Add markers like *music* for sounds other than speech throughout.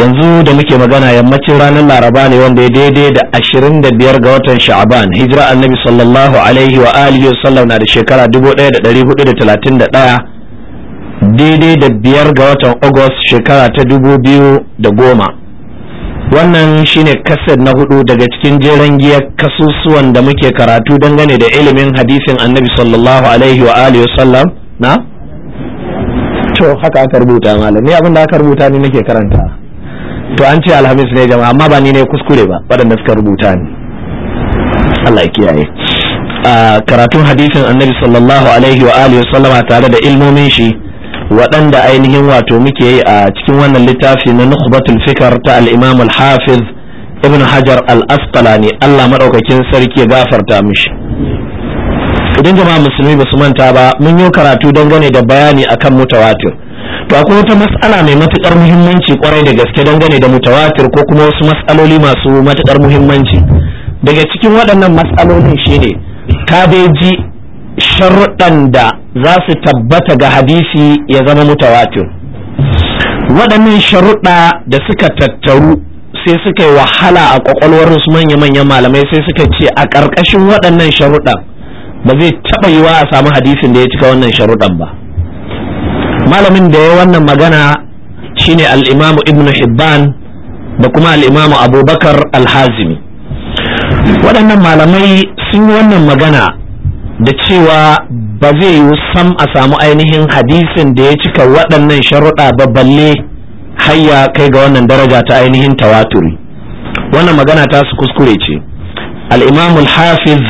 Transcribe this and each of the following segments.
yanzu da muke magana yammacin ranar laraba ne wanda ya daidai da ashirin da biyar ga watan sha'aban hijira annabi sallallahu alaihi wa alihi wasallam na da shekara dubu ɗaya da ɗari hudu da talatin da ɗaya daidai da biyar ga watan agus shekara ta dubu biyu da goma wannan shine kasar na hudu daga cikin jeren giyar kasusuwan da muke karatu dangane da ilimin hadisin annabi sallallahu alaihi wa alihi wasallam na to haka aka rubuta malam ni abin da aka rubuta ne nake karanta to an ce alhamis ne jama'a amma ba ni ne kuskure ba waɗanda suka rubuta ni Allah ya kiyaye karatun hadisin annabi sallallahu alaihi wa alihi sallama tare da ilmomin shi waɗanda ainihin wato muke yi a cikin wannan littafi na nukhbatul fikar ta al-imam al-hafiz ibn hajar al-asqalani Allah madaukakin sarki ya gafarta mishi idan jama'a musulmi ba su manta ba mun yi karatu dangane da bayani akan mutawatir to akwai wata matsala mai matukar muhimmanci kwarai da gaske dangane da mutawatir ko kuma wasu matsaloli masu matukar muhimmanci daga cikin waɗannan mas'alolin shine kabeji sharuɗan da za su tabbata ga hadisi ya zama mutawatir waɗannan sharuɗa da suka tattaru sai suka yi wahala a ƙwaƙwalwar wasu manya-manyan malamai sai suka ce a ƙarƙashin waɗannan sharuɗan ba zai taɓa yiwa a samu hadisin da ya cika wannan sharuɗan ba malamin da ya wannan magana shine al'imamu ibnu hibban da kuma al'imamu abubakar al waɗannan malamai sun yi wannan magana da cewa ba zai yi sam a samu ainihin hadisin da ya cika waɗannan sharuɗa ba balle hayya kai ga wannan daraja ta ainihin tawaturi wannan magana ta su kuskure ce al-imamu hafiz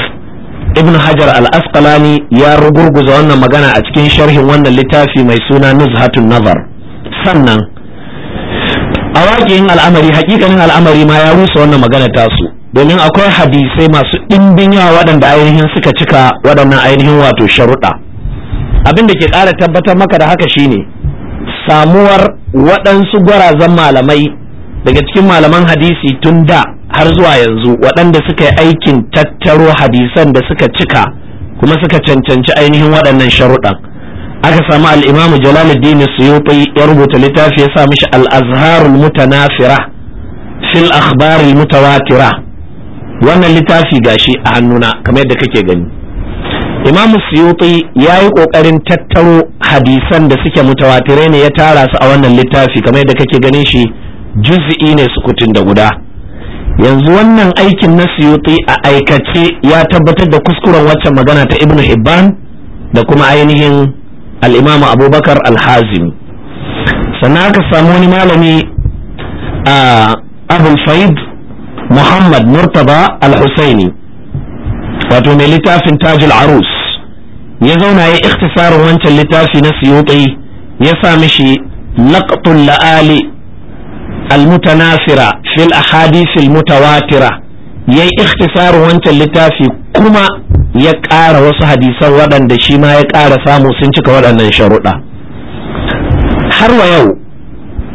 ibn hajar al-asqalani ya rugurguza wannan magana a cikin sharhin wannan littafi mai suna nuzhatun nazar sannan a waƙin al'amari hakikanin al'amari ma ya rusa wannan magana tasu domin akwai hadisai masu ɗimbin yawa waɗanda ainihin suka cika waɗannan ainihin wato sharuɗa abin da ke ƙara tabbatar maka da haka shine samuwar waɗansu gwarazan malamai daga cikin malaman hadisi tun da har zuwa yanzu waɗanda suka yi aikin tattaro hadisan da suka cika kuma suka cancanci ainihin waɗannan sharuɗan aka samu al'imamu jalaluddin suyuti ya rubuta littafi ya sa mishi al'azharul mutanafira fil akhbaril mutawatira wannan littafi gashi a hannuna kamar yadda kake gani imam suyuti ya yi ƙoƙarin tattaro hadisan da suke mutawatirai ne ya tara su a wannan littafi kamar yadda kake ganin shi juz'i ne sukutun da guda yanzu wannan aikin na suyuti a aikace ya tabbatar da kuskuren waccan magana ta ibnu hibban da kuma ainihin al'imam abubakar alhazim sannan aka samu wani malami a abul faid muhammad murtaba al-husaini wato mai littafin tajul arus ya zauna ya ikhtisarin wancan littafi na suyuti ya sa mishi laqatul la'ali almutanasira fil ahadithil mutawatira yayi ikhtisarin wancan littafi kuma ya ƙara wasu hadisan waɗanda shi ma ya ƙara samu sun cika waɗannan sharuɗa har wa yau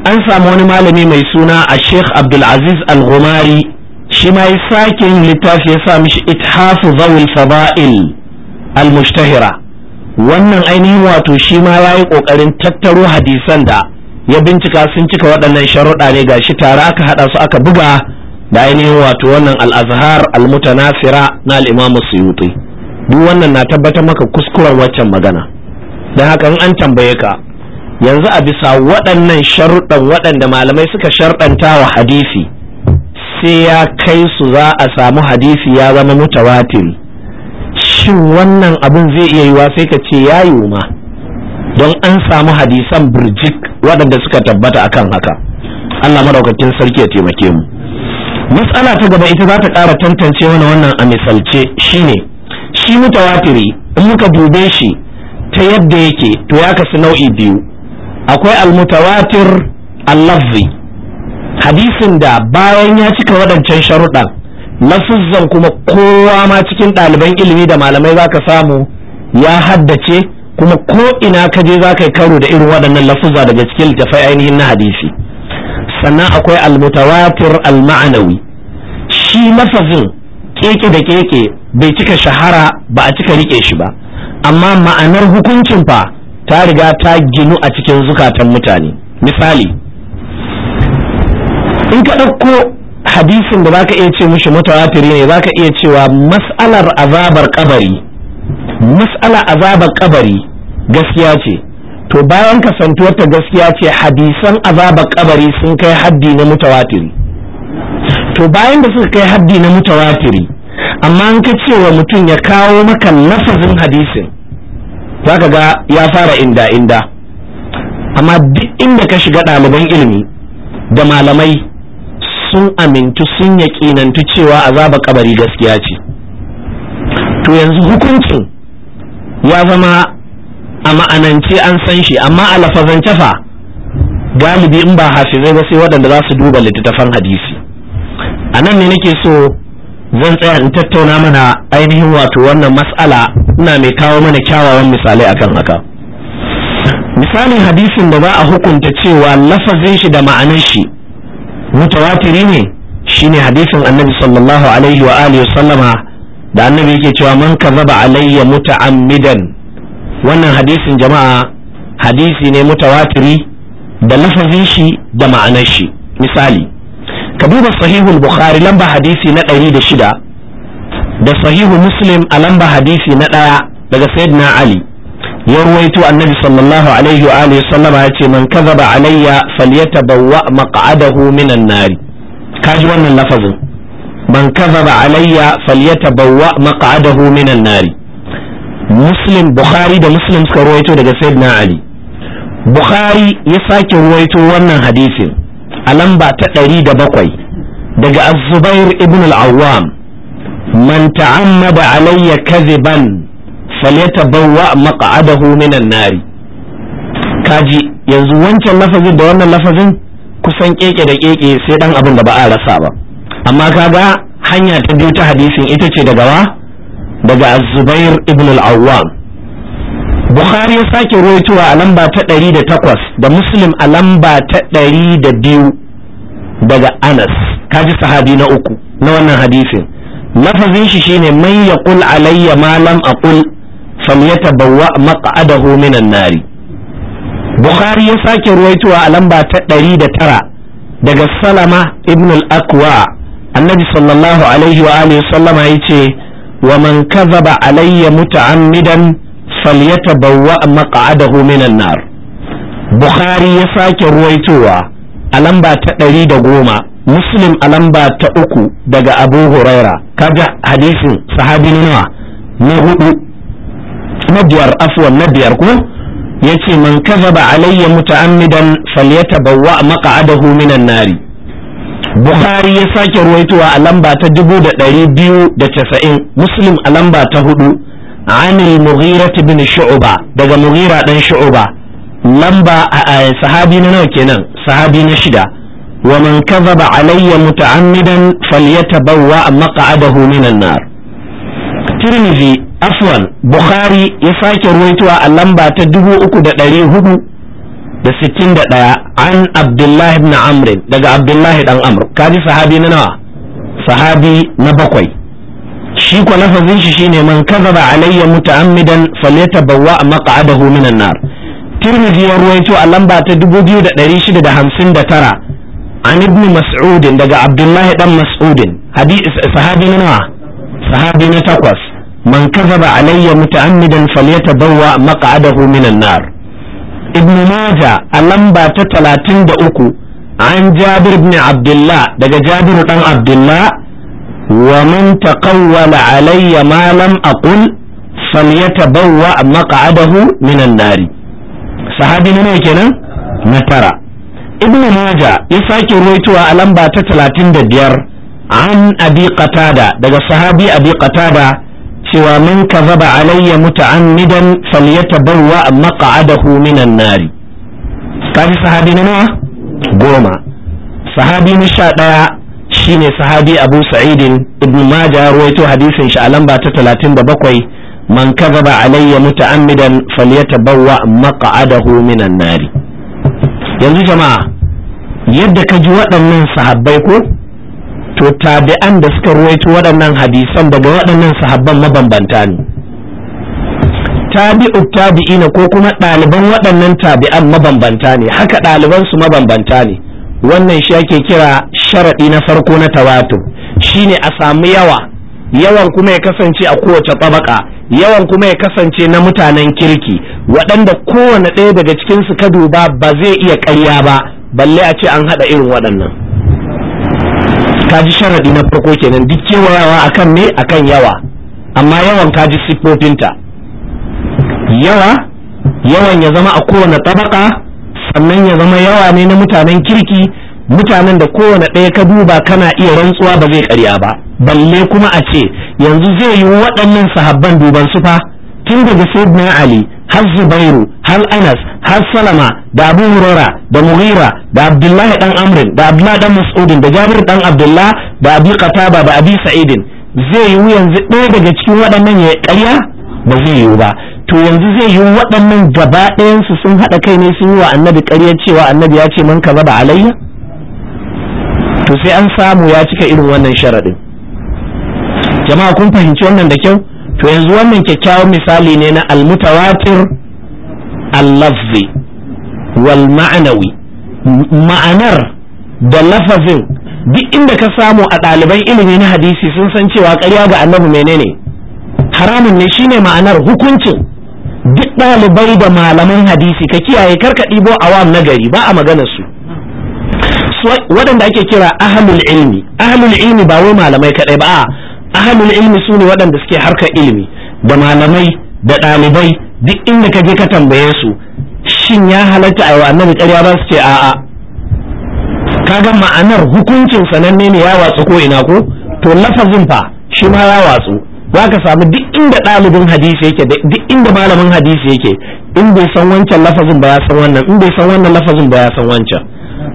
an samu wani malami mai suna a sheikh abdulaziz al-ghumari shi ma ya littafi ya sa mishi ithafu zawil fada'il al-mushtahira wannan ainihin wato shi ma ya yi ƙoƙarin tattaro hadisan da ya bincika sun cika waɗannan sharuɗa ne ga shi tare aka haɗa su aka buga da ainihin wato wannan al'azhar azhar al-mutanasira na al suyuti duk wannan na tabbatar maka kuskuren waccan magana don haka in an tambaye ka yanzu a bisa waɗannan sharuɗan waɗanda malamai suka sharɗanta wa hadisi sai ya kai su za a samu hadisi ya zama mutawatir shin wannan abin zai iya yiwa sai ka ce ya yiwu ma don an samu hadisan birjik waɗanda suka tabbata akan haka Allah madaukakin sarki ya taimake mu matsala ta gaba ita za ta ƙara tantance wani wannan a misalce shine shi mutawatiri in muka dube shi ta yadda yake to ya kasu nau'i biyu akwai almutawatir allafzi hadisin da bayan ya cika waɗancan sharuɗan lafuzzan kuma kowa ma cikin ɗaliban ilimi da malamai za ka samu ya haddace kuma ko ina ka je za ka yi karo da irin waɗannan lafuzza daga cikin littafai ainihin na hadisi sannan akwai almutawatir alma'anawi shi lafazin keke da keke bai cika shahara ba a cika rike shi ba amma ma'anar hukuncin fa ta riga ta ginu a cikin zukatan mutane misali in ka ɗauko hadisin da zaka iya ce mushi mutawatiri ne zaka iya cewa mas'alar azabar kabari mas'ala azabar kabari gaskiya ce to bayan kasantuwar ta gaskiya ce hadisan azabar kabari sun kai haddi na mutawatiri to bayan da suka kai haddi na mutawatiri amma an ka cewa mutum ya kawo maka lafazin hadisin za ka ga ya fara inda inda amma duk inda ka shiga ɗaliban ilimi da malamai sun amintu sun yaƙinantu cewa azaba kabari gaskiya ce to yanzu hukuncin ya zama a ma'anance an san shi amma a lafazance fa galibi in ba hafizai ba sai waɗanda za su duba littattafan hadisi a nan ne nake so zan tsaya in tattauna mana ainihin wato wannan mas'ala ina mai kawo mana kyawawan misalai akan haka misalin hadisin da za a hukunta cewa lafazin shi da ma'anar shi mutawatiri ne shine hadisin annabi sallallahu alaihi wa alihi sallama da annabi yake cewa man kazaba alayya muta'ammidan wannan hadisin jama'a hadisi ne mutawatiri da lafazin shi da ma'anar shi misali ka duba sahihul bukhari lamba hadisi na ɗari da shida da sahihu muslim a lamba hadisi na ɗaya daga sayyidina ali ya ruwaito annabi sallallahu alaihi wa alihi sallama ya ce man kazaba alayya falyatabawwa maq'adahu minan nari kaji wannan lafazin man kazaba alayya falyatabawwa maq'adahu minan nari muslim bukhari da muslim suka ruwaito daga sayyidina ali bukhari ya sake ruwaito wannan hadisin a lamba ta ɗari da bakwai daga azubair ibn al-awwam man ta'ammada alayya kadhiban falyatabawwa maq'adahu an nari kaji yanzu wancan lafazin da wannan lafazin kusan keke da keke sai dan abin da ba a rasa ba amma kaga hanya ta biyu ta hadisin ita ce daga wa daga zubair ibn al-awwam bukhari ya sake rawaitowa a lamba ta 108 da muslim a lamba ta 102 daga anas kaji sahabi na uku na wannan hadisin lafazin shi shine man yaqul alayya ma lam aqul falyatabawwa maq'adahu an nari bukhari ya sake rawaitowa a lamba ta 109 daga salama ibn al-aqwa annabi sallallahu alaihi wa alihi sallama yace wa man kadhaba alayya muta'ammidan falyatabawwa maq'adahu minan nar bukhari ya sake ruwaitowa a lamba ta ɗari da goma muslim a lamba ta uku daga abu huraira kaga hadisin sahabi nawa na hudu na biyar afwan na biyar ko yace man kazaba alayya muta'ammidan falyatabawwa maq'adahu minan nari bukhari ya sake ruwaitowa a lamba ta dubu da ɗari biyu da casa'in muslim a lamba ta hudu anil mughira bin shu'uba daga mughira dan shu'uba lamba a sahabi na nawa kenan sahabi na shida wa man kadhaba alayya muta'ammidan falyatabawwa maq'adahu minan nar tirmidhi afwan bukhari ya sake ruwaitowa a lamba ta dubu uku da ɗari hudu da sittin da ɗaya an abdullahi na amrin daga abdullahi dan amr kaji sahabi na nawa sahabi na bakwai shi ko lafazin shi shine man kazaba alayya muta'ammidan falyatabawwa maq'adahu minan nar tirmidhi ya ruwaito a lamba ta 2659 an ibn mas'ud daga abdullahi dan mas'ud hadisi sahabi na nawa sahabi na takwas man kazaba alayya muta'ammidan falyatabawwa maq'adahu minan nar ibn maja a lamba ta talatin da uku an jabir ibn abdullah daga jabir dan abdullah wa man taqawwala alayya ma lam aqul falyatabawwa maq'adahu minan nari sahabi ne kenan na tara ibn maja ya sake ruwaitowa a lamba ta talatin da biyar an abi qatada daga sahabi abi qatada cewa min zaba alayya muta'ammidan falyatabawwa maq'adahu minan nari kafi sahabi na nawa goma sahabi na sha ɗaya shine sahabi abu sa'idin ibn majah ruwaito hadisin shi a lamba ta talatin da bakwai man alayya muta'ammidan falyatabawwa maq'adahu minan nari yanzu jama'a yadda ka ji waɗannan sahabbai ko to tabi'an da suka ruwaito waɗannan hadisan daga waɗannan sahabban mabambanta ne tabi'u tabi'ina ko kuma ɗaliban waɗannan tabi'an mabambanta ne haka ɗaliban su mabambanta ne wannan shi ake kira sharaɗi na farko na tawatur shine a samu yawa yawan kuma ya kasance a kowace tabaka yawan kuma ya kasance na mutanen kirki waɗanda kowane ɗaya daga cikinsu ka duba ba zai iya ƙarya ba balle a ce an haɗa irin waɗannan kaji sharadi na farko kenan duk kewayawa akan me akan yawa amma yawan kaji siffofinta yawa yawan ya zama a kowane tabaka sannan ya zama yawa ne na mutanen kirki mutanen da kowane ɗaya ka duba kana iya rantsuwa ba zai karya ba balle kuma a ce yanzu zai yi waɗannan sahabban duban su fa tun daga sayyidina ali har zubairu har anas har salama da abu hurara da mughira da abdullahi dan amrin da abdullahi dan mas'udin da jabir dan abdullah da abi qataba da abi sa'idin zai yiwu yanzu ɗaya daga cikin waɗannan ya ƙarya ba zai yiwu ba to yanzu zai yi waɗannan gaba ɗayansu sun haɗa kai ne sun yi wa annabi ƙarya cewa annabi ya ce man ka da alayya to sai an samu ya cika irin wannan sharaɗin jama'a kun fahimci wannan da kyau to yanzu wannan kyakkyawan misali ne na almutawatir allafzi wal ma'anawi ma'anar da lafazin duk inda ka samu a ɗaliban ilimi na hadisi sun san cewa ƙarya ga annabi menene haramun ne shine ma'anar hukuncin duk ɗalibai da malaman hadisi ka kiyaye karka ɗibo a na nagari ba a maganar su waɗanda ake kira ahlul ilmi ahalul ilmi ba wai malamai kaɗai ba ahalul ilmi su ne waɗanda suke harkar ilimi da malamai da ɗalibai duk inda ka je ka tambaye su shin ya halatta a yi wa annabi ƙarya ba su ce a'a kaga ma'anar hukuncin sananne ne ya watsu ko ina ko to lafazin fa shi ma ya watsu za ka samu duk inda ɗalibin hadisi yake duk inda malamin hadisi yake in bai san wancan lafazin ba ya san wannan in bai san wannan lafazin ba ya san wancan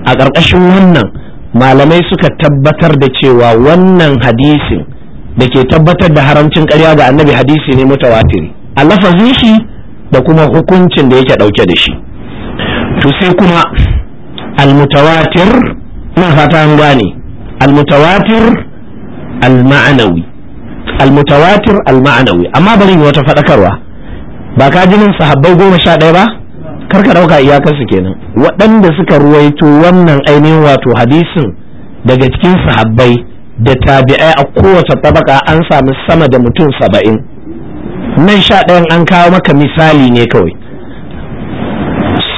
a ƙarƙashin wannan malamai suka tabbatar da cewa wannan hadisin da ke tabbatar da haramcin karya ga annabi hadisi ne mutawatiri a lafazin shi da kuma hukuncin da yake ɗauke da shi to sai kuma almutawatir na fata an gane almutawatir alma'anawi almutawatir alma'anawi amma bari yi wata faɗakarwa ba ka jinin sahabbai goma sha ɗaya ba karka ɗauka su kenan waɗanda suka ruwaito wannan ainihin wato hadisin daga cikin sahabbai da tabi'ai a kowace tabaka an samu sama da mutum saba'in nan sha ɗayan an kawo maka misali ne kawai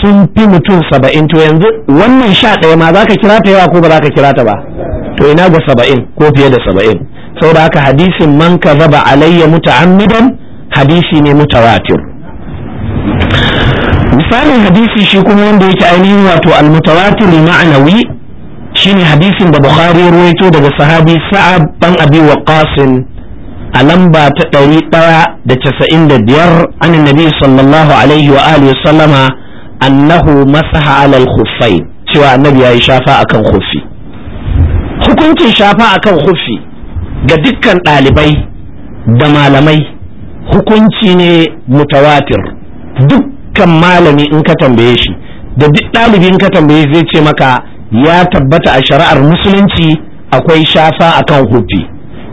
sun fi mutum saba'in to yanzu wannan sha ɗaya ma za ka kira ta yawa ko ba za ka kira ta ba to ina ga saba'in ko fiye da saba'in saboda haka hadisin man ka zaba alayya muta'ammidan hadisi ne mutawatir misalin hadisi shi kuma wanda yake ainihin wato al-mutawatir ma'anawi shine hadisin da bukhari ya ruwaito daga sahabi sa'ab ban abi waqasin a lamba ta ɗari ɗaya da casa'in da biyar an nabi sallallahu alaihi wa alihi sallama annahu masaha alal khuffai cewa annabi ya yi shafa akan khuffi hukuncin shafa akan khuffi ga dukkan ɗalibai da malamai hukunci ne mutawatir dukkan malami in ka tambaye shi da duk ɗalibi in ka tambaye zai ce maka ya tabbata a shari'ar musulunci akwai shafa a kan hufi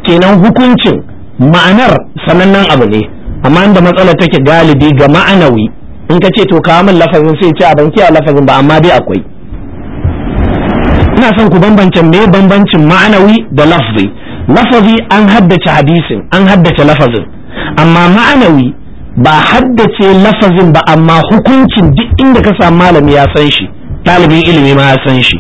kenan hukuncin ma'anar sanannen abu ne amma inda matsala take galibi ga ma'anawi in ka ce to kawo min lafazin sai ce a banki a lafazin ba amma dai akwai ina son ku bambance me bambancin ma'anawi da lafzi lafazi an haddace hadisin an haddace lafazin amma ma'anawi ba haddace lafazin ba amma hukuncin duk inda ka samu malami ya san shi ɗalibin ilimi ma san shi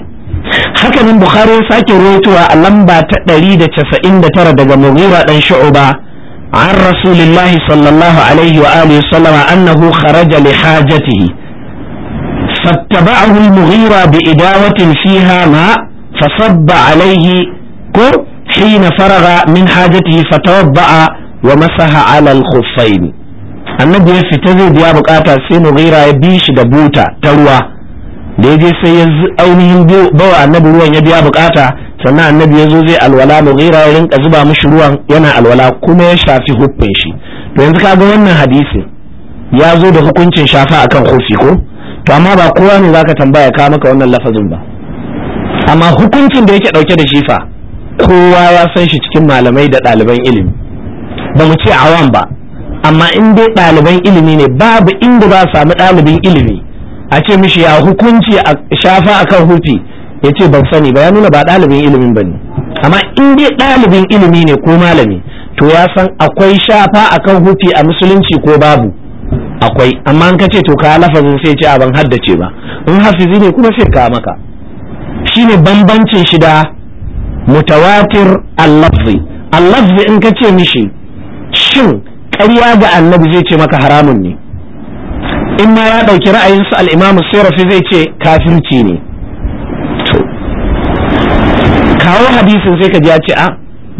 haka nan bukhari ya sake rawaitowa a lamba ta 199 daga mughira dan shu'ba an rasulullah sallallahu alaihi wa alihi sallama annahu kharaja li hajatihi fattaba'ahu al-mughira bi idawatin fiha ma فصب عليه كر min فرغ من wa masaha ومسح على الخفين annabi ya fita zai biya bukata sai mughira ya bi shi da buta ta ruwa da ya je sai ya ainihin bawa annabi ruwan ya biya bukata sannan annabi ya zo zai alwala mu mughira ya rinka zuba mishi ruwan yana alwala kuma ya shafi huffin shi to yanzu ka ga wannan hadisi ya zo da hukuncin shafa akan kofi ko to amma ba kowa ne zaka tambaya ka maka wannan lafazin ba amma hukuncin da yake dauke da shifa kowa ya san shi cikin malamai da ɗaliban ilimi ba mu ce awam ba amma in dai ɗaliban ilimi ne babu inda ba samu ɗalibin ilimi a ce mishi ya hukunci a shafa akan hufi ya ce ban sani ba ya nuna ba ɗalibin ilimin ba ne amma in dai ɗalibin ilimi ne ko malami to ya san akwai shafa akan hufi a musulunci ko babu akwai amma in ka ce to ka lafazin sai ce a ban haddace ba in hafizi ne kuma sai ka maka shine bambancin shi da mutawatir al-lafzi al-lafzi in ka ce mishi shin ƙarya ga annabi zai ce maka haramun ne in ma ya ɗauki ra'ayinsu al'imamu surafi zai ce kafirci ne kawo hadisin sai ka ji ya ce a ah,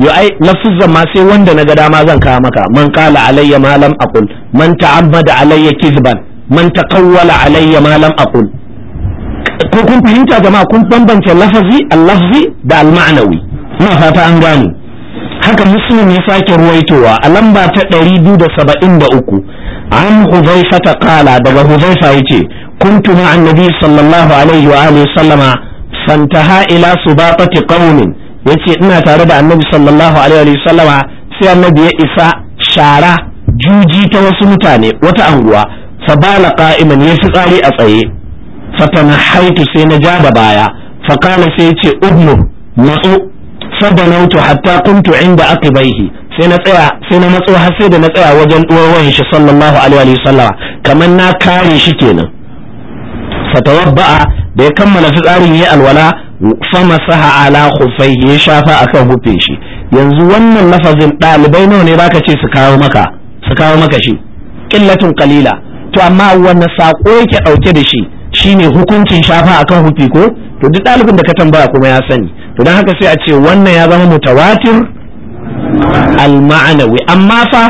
yo ai lafuzan ma sai wanda na ga dama zan kawo maka man qala alayya ma lam aqul man ta'ammada alayya kizban man taqawwala alayya ma lam aqul ko kun fahimta jama'a kun bambance lafazi al-lafzi da al-ma'nawi ina fata an gane haka muslim ya sake ruwaitowa a lamba ta ɗari 273 an huzaifa ta kala daga huzaifa ya ce kuntu ma annabi sallallahu alaihi wa alihi sallama fantaha ila subatati qaumin yace ina tare da annabi sallallahu alaihi wa sallama sai annabi ya isa shara juji ta wasu mutane wata anguwa fabala qa'iman ya tsari a tsaye fatana haitu sai na ja da baya fakala sai ya ce ubnu matsu fadanautu hatta kuntu inda aqibaihi sai na tsaya sai na matso har sai da na tsaya wajen ɗuwar shi sallallahu alaihi wa sallama kamar na kare shi kenan fatawabba'a da ya kammala fitsarin yayi alwala fama saha ala khufai ya shafa akan hufe shi yanzu wannan lafazin ɗalibai nawa ne baka ce su kawo maka su kawo maka shi qillatun qalila to amma wanne sako yake dauke da shi shine hukuncin shafa akan hufi ko to duk ɗalibin da ka tambaya kuma ya sani to don haka sai a ce wannan ya zama mutawatir al-ma'anawi amma fa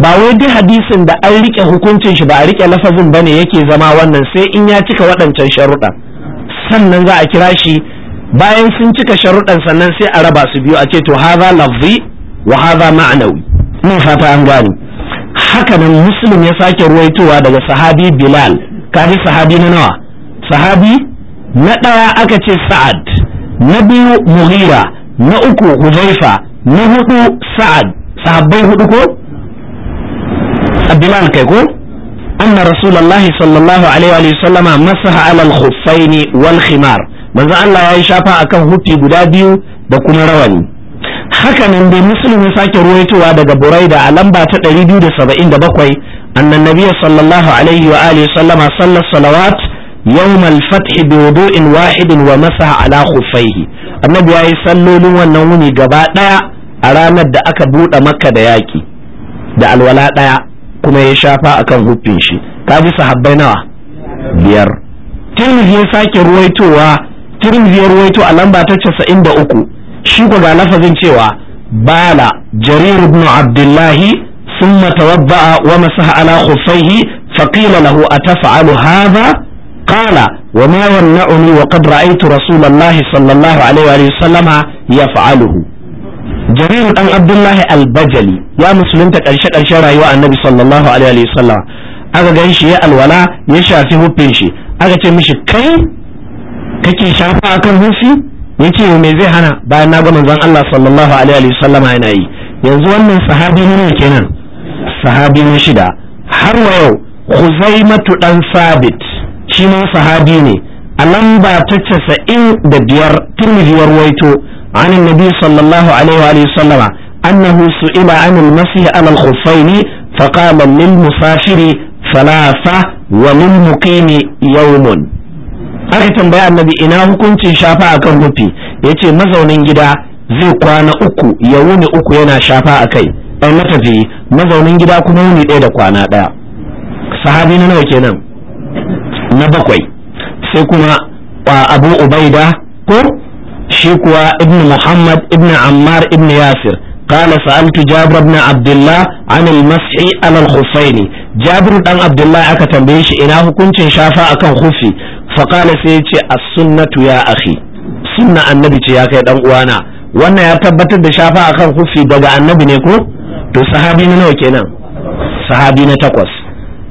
ba wai duk hadisin da an rike hukuncin shi ba a rike lafazin bane yake zama wannan sai in ya cika waɗancan sharuɗa sannan za a kira shi bayan sun cika sharuɗan sannan sai a raba su biyu a ce to haza lafzi wa haza ma'anawi mun fata an gani haka nan muslim ya sake ruwaitowa daga sahabi bilal kaji sahabi na nawa sahabi na ɗaya aka ce sa'ad na biyu mughira na uku huzaifa na hudu sa'ad sahabbai hudu ko abdullahi kai ko أن رسول الله صلى الله عليه وآله وسلم مسح على الخفين والخمار manzo Allah ya yi shafa akan hutti guda biyu da kuma rawani haka nan dai muslim ya sake ruwaitowa daga buraida a lamba ta 277 annan nabiyyu sallallahu alaihi wa alihi sallama sallar salawat yau al dodo in wudu'in wahidin wa masaha ala khuffaihi annabi yayi sallolin wannan wuni gaba daya a ranar da aka bude makka da yaki da alwala daya kuma ya shafa akan huffin shi kaji sahabbai nawa biyar tirmidhi ya sake ruwaitowa tirmidhi ruwaito a lamba ta 93 shi ko ga lafazin cewa bala jarir ibn abdullahi ثم توضأ ومسح على خفيه فقيل له أتفعل هذا قال وما يمنعني وقد رأيت رسول الله صلى الله عليه وسلم يفعله جرير بن عبد الله البجلي يا مسلم تكرشة كرشة رأيوا النبي صلى الله عليه وسلم aka gan shi ya alwala ya shafi hufin shi aka ce mishi kai kake shafa akan hufi yace me zai hana bayan na ga manzon Allah sallallahu alaihi wasallama yana yi yanzu wannan sahabi ne kenan sahabi na shida har wa yau Khuzaimatu dan Sabit shi ma sahabi ne a lamba ta casa'in da biyar wa alaihi عن النبي annahu su عليه وآله وسلم أنه سئل fa المسيح على musafiri thalatha wa ثلاثة وللمقيم يوم aka tambaya annabi ina hukuncin shafa akan rufi yace mazaunin gida zai kwana uku ya wuni uku yana shafa akai kai ɗan mazaunin gida kuma wuni ɗaya da kwana ɗaya sahabi na nawa kenan na bakwai sai kuma a abu ubaida ko shi kuwa ibn muhammad ibn ammar ibn yasir kala sa'altu jabir ibn abdullah an al-mas'i ala dan abdullah aka tambaye shi ina hukuncin shafa akan hufi fa sai yace as-sunnatu ya akhi sunna annabi ce ya kai dan uwana wannan ya tabbatar da shafa akan hufi daga annabi ne ko to sahabi nawa kenan sahabi na takwas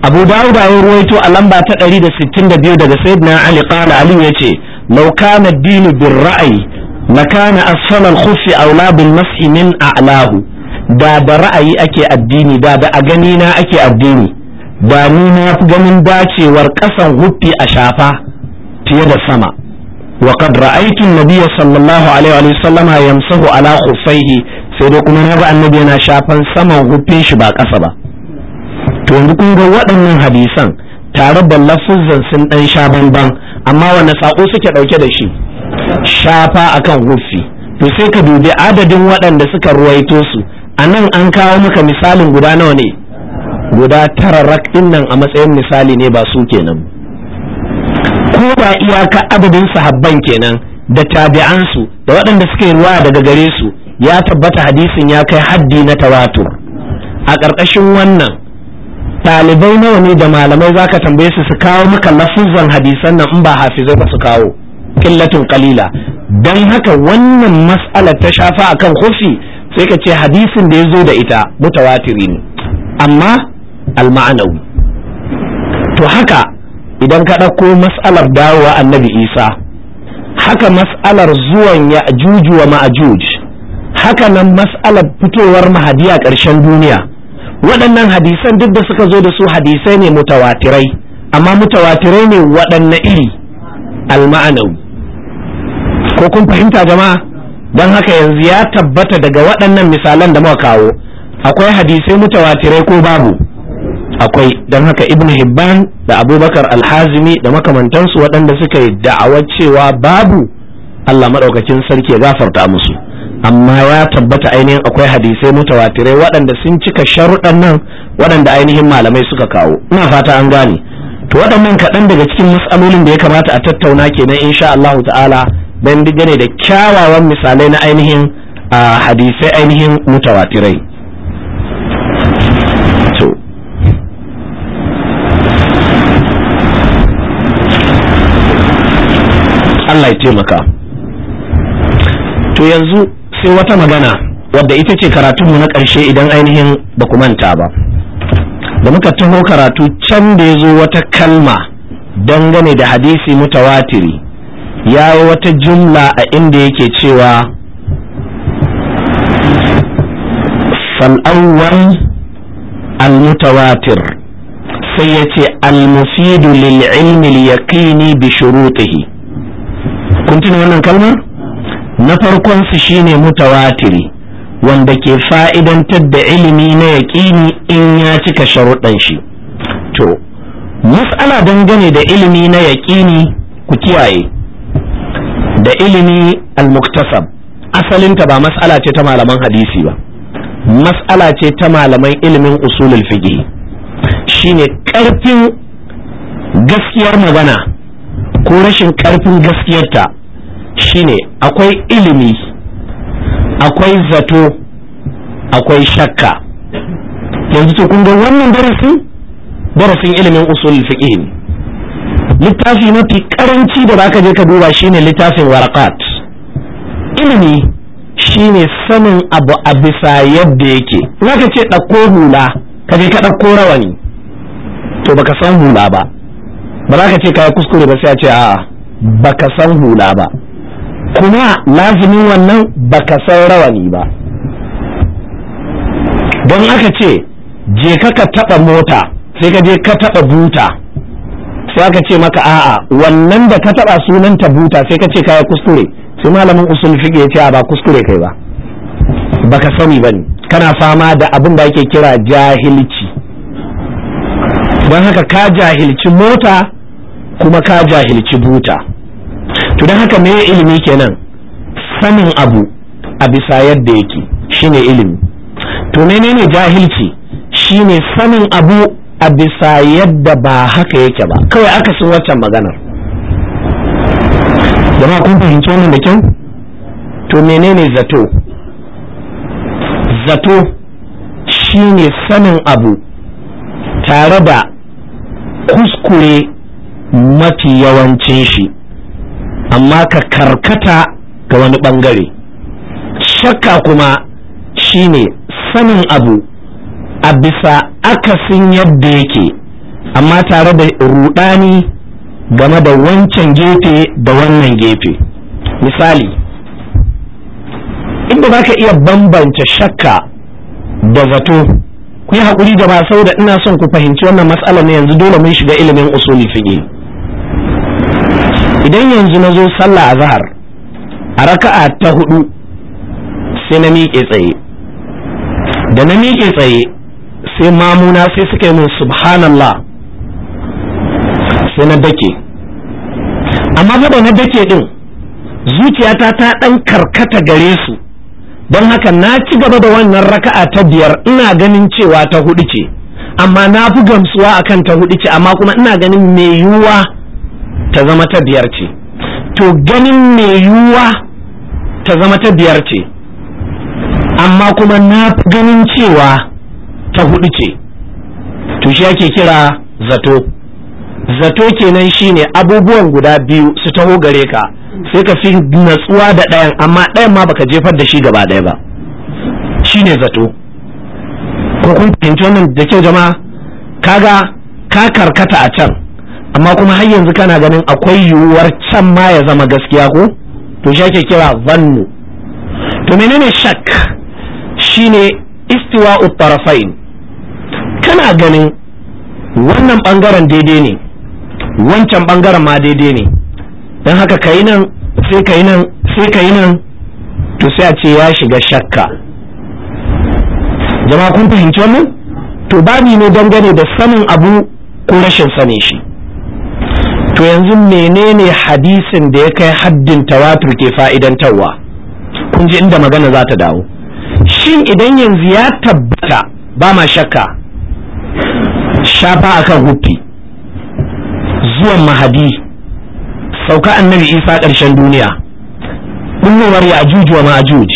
abu dawud ya ruwaito a lamba ta 162 daga sayyidina ali qala ali yace law kana ad-din bil ra'yi lakana asfala al-khuffi awla bil mas'i min a'lahu da da ra'ayi ake addini da da a gani na ake addini da ni na fi ganin dacewar kasan huffi a shafa fiye da sama وقد رأيت النبي صلى الله عليه وسلم يمسه على خفيه sai dai kuma na ga annabi yana shafan saman hufin shi ba ƙasa ba to yanzu kun ga waɗannan hadisan tare da lafuzan sun ɗan sha bamban amma wanne sako suke ɗauke da shi shafa akan hufi to sai ka dubi adadin waɗanda suka ruwaito su a nan an kawo maka misalin guda nawa ne guda tara rak nan a matsayin misali ne ba su kenan ko ba iyaka adadin sahabban kenan da tabi'ansu da waɗanda suka yi ruwa daga gare su ya tabbata hadisin ya kai haddi na tawatur a ƙarƙashin wannan ɗalibai nawa ne da malamai za ka tambaye su su kawo maka lafuzan hadisan nan in ba hafizai ba su kawo killatin kalila don haka wannan mas'alar ta shafa akan kofi sai ka ce hadisin da ya zo da ita mutawatiri ne amma alma'anawi to haka idan ka ɗauko mas'alar dawowa annabi isa haka mas'alar zuwan ya juju wa ma'ajuj haka nan mas'alar fitowar mahadi a ƙarshen duniya waɗannan hadisan duk da suka zo da su hadisai ne mutawatirai amma mutawatirai ne waɗanne iri alma'anau ko kun fahimta jama'a don haka yanzu ya tabbata daga waɗannan misalan da muka kawo akwai hadisai mutawatirai ko babu akwai don haka ibn hibban da abubakar alhazimi da makamantansu waɗanda suka yi da'awar cewa babu allah maɗaukacin sarki ya gafarta musu amma ya tabbata ainihin akwai hadisai mutawatirai waɗanda sun cika sharuɗan nan waɗanda ainihin malamai suka kawo ina fata an gane to waɗannan kaɗan daga cikin matsalolin da ya kamata a tattauna kenan insha allahu ta'ala dan digane da kyawawan misalai na ainihin hadisai ainihin mutawatirai Allah ya taimaka to yanzu sai wata magana wadda ita ce karatunmu na ƙarshe idan ainihin ba ku manta ba da muka taho karatu can da ya zo wata kalma dangane da hadisi mutawatiri ya yi wata jumla a inda yake cewa Sal'awar al-mutawatir sai ya ce al-mufidu lil ilmi bi yaqini bi shurutihi kun tuna wannan kalmar na farkon su shine mutawatiri wanda ke fa'idantar da ilimi na yaƙini in ya cika sharuɗan shi to mas'ala dangane da ilimi na yaƙini ku kiyaye da ilimi al-muktasab asalinta ba mas'ala ce ta malaman hadisi ba mas'ala ce ta malaman ilimin usulul fiqh shine ƙarfin gaskiyar magana ko rashin ƙarfin gaskiyarta shine akwai ilimi akwai zato akwai shakka yanzu to kun ga wannan darasin darasin ilimin usul fiqh littafi mafi karanci da baka je ka duba shine littafin warqat ilimi shine sanin abu a bisa yadda yake zaka ce ɗauko hula ka je ka ɗauko rawani to baka san hula ba ba za ka ce kai kuskure ba sai a ce a'a baka san hula ba kuma lazimin wannan baka san rawani ba don aka ce je ka ka taɓa mota sai ka je ka taɓa buta sai aka ce maka a'a wannan da ka taɓa sunanta buta sai ka ce ka kaya kuskure sai malamin usul fiqh ya ce a ba kuskure kai ba baka sani bane kana fama da abin da ake kira jahilci don haka ka jahilci mota kuma ka jahilci buta to don haka meye ilimi kenan sanin abu a bisa yadda yake shine ilimi to menene jahilci shine sanin abu a bisa yadda ba haka yake ba kawai akasin waccan maganar jama'a kun fahimci wannan da kyau to menene zato zato shine sanin abu tare da kuskure mafi yawancin shi amma ka karkata ga wani bangare shakka kuma shine sanin abu a bisa akasin yadda yake amma tare da rudani game da wancan gefe da wannan gefe misali inda za ka iya bambanta shakka da zato ku yi haƙuri da ba sau da ina son ku fahimci wannan matsalar na yanzu dole mun shiga ilimin usuli fiye idan yanzu na zo sallah a zahar a raka'a ta hudu sai na miƙe tsaye da na miƙe tsaye sai mamuna sai suka yi min subhanallah sai na dake amma fa da na dake din zuciyata ta ɗan karkata gare su don haka na ci gaba da wannan raka'a ta biyar ina ganin cewa ta hudu ce amma na fi gamsuwa akan ta hudu ce amma kuma ina ganin mai yiwuwa ta zama ta biyar ce to ganin mai yiwuwa ta zama ta biyar ce amma kuma na ganin cewa ta hudu ce to shi ake kira zato zato kenan shine abubuwan guda biyu su taho gare ka sai ka fi natsuwa da ɗayan amma ɗayan ma baka jefar da shi gaba ɗaya ba shine zato ko kun fahimci wannan da kyau jama'a kaga ka karkata a can amma kuma har yanzu kana ganin akwai yiwuwar can ma ya zama gaskiya ko to shi ake kira zannu to menene shak shine istiwa utarafain kana ganin wannan bangaren daidai ne wancan bangaren ma daidai ne don haka kai nan sai kai nan sai kai nan to sai a ce ya shiga shakka jama'a kun fahimci wannan to babi ne dangane da sanin abu ko rashin sanin shi to yanzu menene hadisin da ya kai haddin tawatur ke fa'idan fa'idantarwa kun ji inda magana za ta dawo shin idan yanzu ya tabbata ba ma shakka shafa akan hufi. zuwan mahadi sauka annabi isa ƙarshen duniya kullumar ya ajujuwa ma ajuj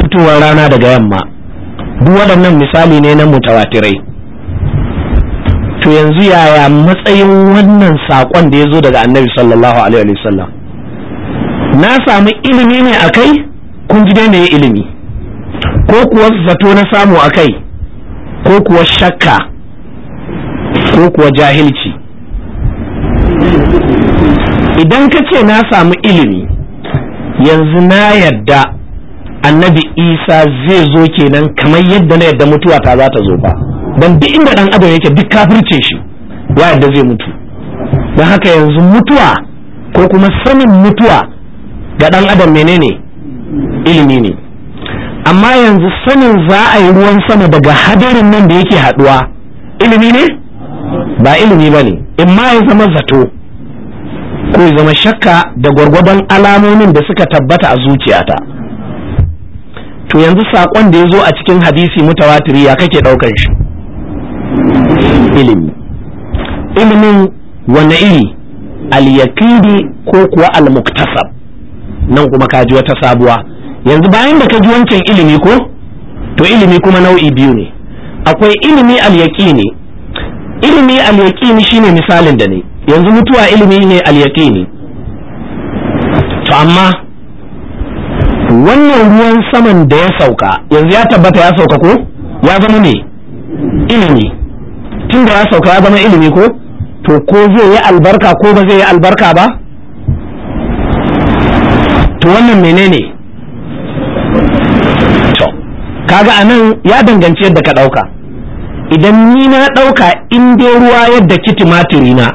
fitowar rana daga yamma duk waɗannan misali ne na mutawatirai to yanzu yaya matsayin wannan saƙon da ya zo daga annabi sallallahu alaihi wa sallam na samu ilimi ne a kai kun ji ne ilimi ko kuwa zato na samu a kai ko kuwa shakka ko kuwa jahilci idan ka ce na samu ilimi yanzu na yadda annabi isa zai zo kenan kamar yadda na yadda mutuwa ta za ta zo ba dan duk inda dan adam yake duk kafirce shi ya yadda zai mutu don haka yanzu mutuwa ko kuma sanin mutuwa ga dan adam menene ilimi ne amma yanzu sanin za a yi ruwan sama daga hadarin nan da yake haduwa ilimi ne ba ilimi ba ne ma ya zama zato ko ya zama shakka da gwargwadon alamomin da suka tabbata a zuciyata to yanzu saƙon da ya zo a cikin hadisi mutawatiri ya kake ɗaukan shi ilimi ilimin wani iri al-yaqini ko kuwa al-muktasab nan kuma ka ji wata sabuwa yanzu bayan da ka ji wancan ilimi ko to ilimi kuma nau'i biyu ne akwai ilimi al-yaqini ilimi al-yaqini shine misalin da ne yanzu mutuwa ilimi ne al-yaqini to amma wannan ruwan saman da ya sauka yanzu ya tabbata ya sauka ko ya zama ne ilimi tun da ya sauka ya zama ilimi ko to ko zai yi albarka ko ba zai yi albarka ba to wannan menene to kaga anan ya danganci yadda ka ɗauka idan ni na ɗauka in dai ruwa yadda ki tumatiri na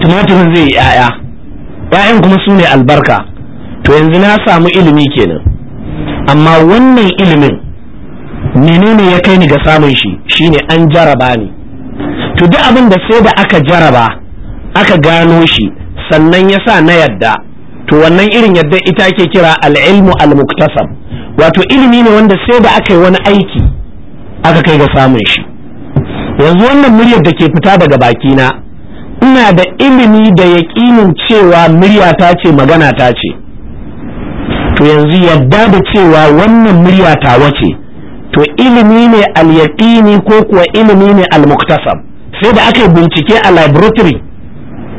tumatirin zai yi 'ya'ya 'ya'yan kuma su albarka to yanzu na samu ilimi kenan amma wannan ilimin menene ya kai ni ga samun shi shine an jaraba ni to duk abin da sai da aka jaraba aka gano shi sannan ya sa na yadda to wannan irin yadda ita ake kira al'ilmu al-muktasab wato ilimi ne wanda sai da aka yi wani aiki aka kai ga samun shi yanzu wannan muryar da ke fita daga bakina ina da ilimi da yaƙinin cewa murya ta ce magana ta ce to yanzu yadda da cewa wannan murya ta wace to ilimi ne al ko kuwa ilimi ne al-muktasab sai da aka yi bincike a laboratory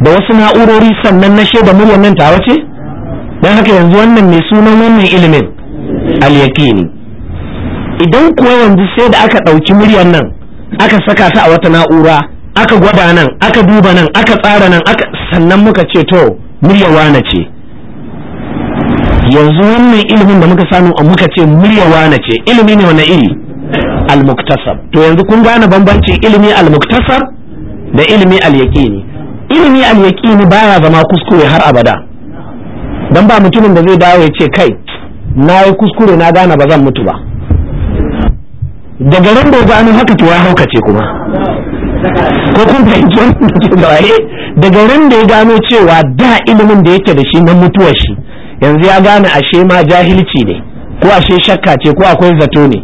da wasu na'urori sannan na shaida muryar nan tawa ce don haka yanzu wannan mai sunan wannan ilimin alyakini idan kuwa yanzu sai da aka ɗauki muryar nan aka saka ta a wata na'ura aka gwada nan aka duba nan aka tsara nan sannan muka ce to murya wane ce yanzu wannan ilimin da muka samu a muka ce murya wane ce ilimi ne wani iri al-muktasab to yanzu kun gane bambancin ilimi al-muktasab da ilimi al-yaqini ilimi al-yaqini baya zama kuskure har abada dan ba mutumin da zai dawo ya ce kai na yi kuskure na gane ba zan mutu ba daga ran da gano haka to ya haukace kuma ko kun fahimci wannan da waye eh, daga ran da ya gano cewa da ilimin da yake da shi na mutuwar shi yanzu ya gane ashe ma jahilci ne ko ashe shakka ce ko akwai zato ne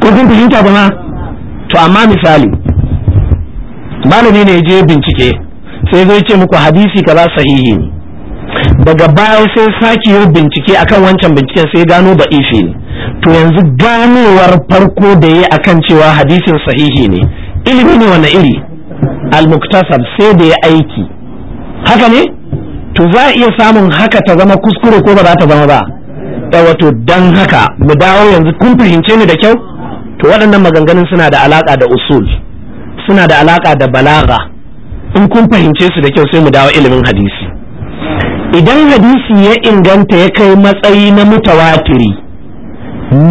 ko kun fahimta ba to amma misali malami ne je bincike sai zai ce muku hadisi kaza sahihi ne daga baya sai saki yau bincike akan wancan binciken sai gano ba ife ne to yanzu ganowar farko da ya akan cewa hadisin sahihi ne ilimi ne wani iri al-muktasab sai da ya aiki haka ne to za a iya samun haka ta zama kuskure ko ba za ta zama ba wato dan haka mu dawo yanzu kun fahimce ni da kyau to waɗannan maganganun suna da alaƙa da usul suna da alaƙa da balaga in kun fahimce su da kyau sai mu dawo ilimin hadisi idan hadisi ya inganta ya kai matsayi na mutawatiri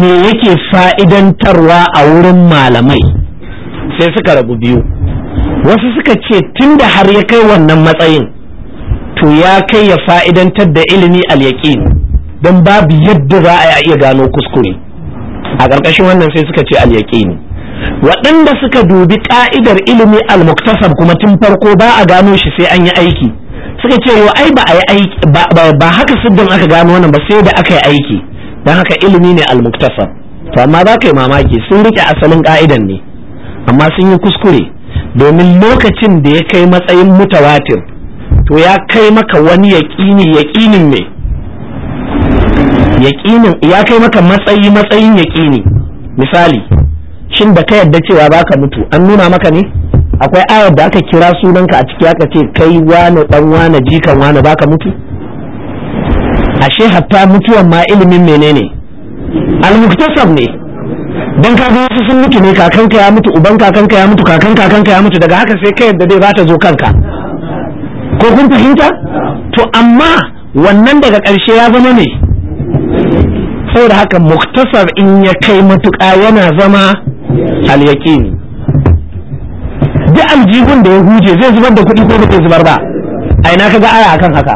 me yake fa'idantarwa a wurin malamai sai suka rabu biyu wasu suka ce tun da har ya kai wannan matsayin to ya kai ya fa'idantar da ilimi al don babu yadda za a iya gano kuskure a ƙarƙashin wannan sai suka ce alyaƙini ne waɗanda suka dubi ƙa'idar ilimi almuktasab kuma tun farko ba a gano shi sai an yi aiki suka ce yau ai ba a yi aiki ba haka siddin aka gano wannan ba sai da aka yi aiki don haka ilimi ne almuktasab to amma za ka yi mamaki sun rike asalin ƙa'idan ne amma sun yi kuskure domin lokacin da ya kai matsayin mutawatir to ya kai maka wani yaƙini yaƙinin ne yaƙinin ya kai maka matsayi matsayin yaƙini misali shin da ka yadda cewa baka mutu an nuna maka ne akwai ayar da aka kira sunanka a ciki aka ce kai wane dan wane jikan wane baka mutu ashe hatta mutuwan ma ilimin menene al ne dan kaga wasu sun mutu ne kakanka ya mutu uban kakanka ya mutu kakan kakanka ya mutu daga haka sai ka yadda dai ba zo kanka ko kun fahimta to amma wannan daga ƙarshe ya zama ne saboda haka muktasar in ya kai matuƙa yana zama al duk aljihun da ya huje zai zubar da kuɗi ko ba zubar ba a ina ka ga aya akan haka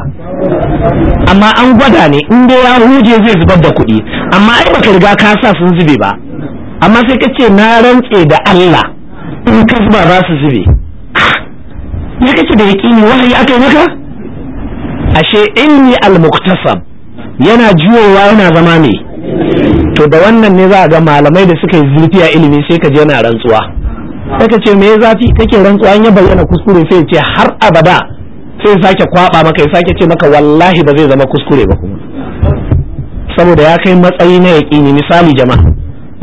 amma an gwada ne in dai ya huje zai zubar da kuɗi amma ai baka riga ka sa sun zube ba amma sai kace na rantse da Allah in ka zuba za su zube ya kace da yaqini wahayi yi maka ashe inni al-muktasab yana juyowa yana zama ne to da wannan ne za a ga malamai da suka yi zurfi a ilimi sai ka je yana rantsuwa sai ka ce me zafi kake rantsuwa in ya bayyana kuskure sai ce har abada sai sake kwaba maka ya sake ce maka wallahi ba zai zama kuskure ba kuma saboda ya kai matsayi na yaƙini misali jama'a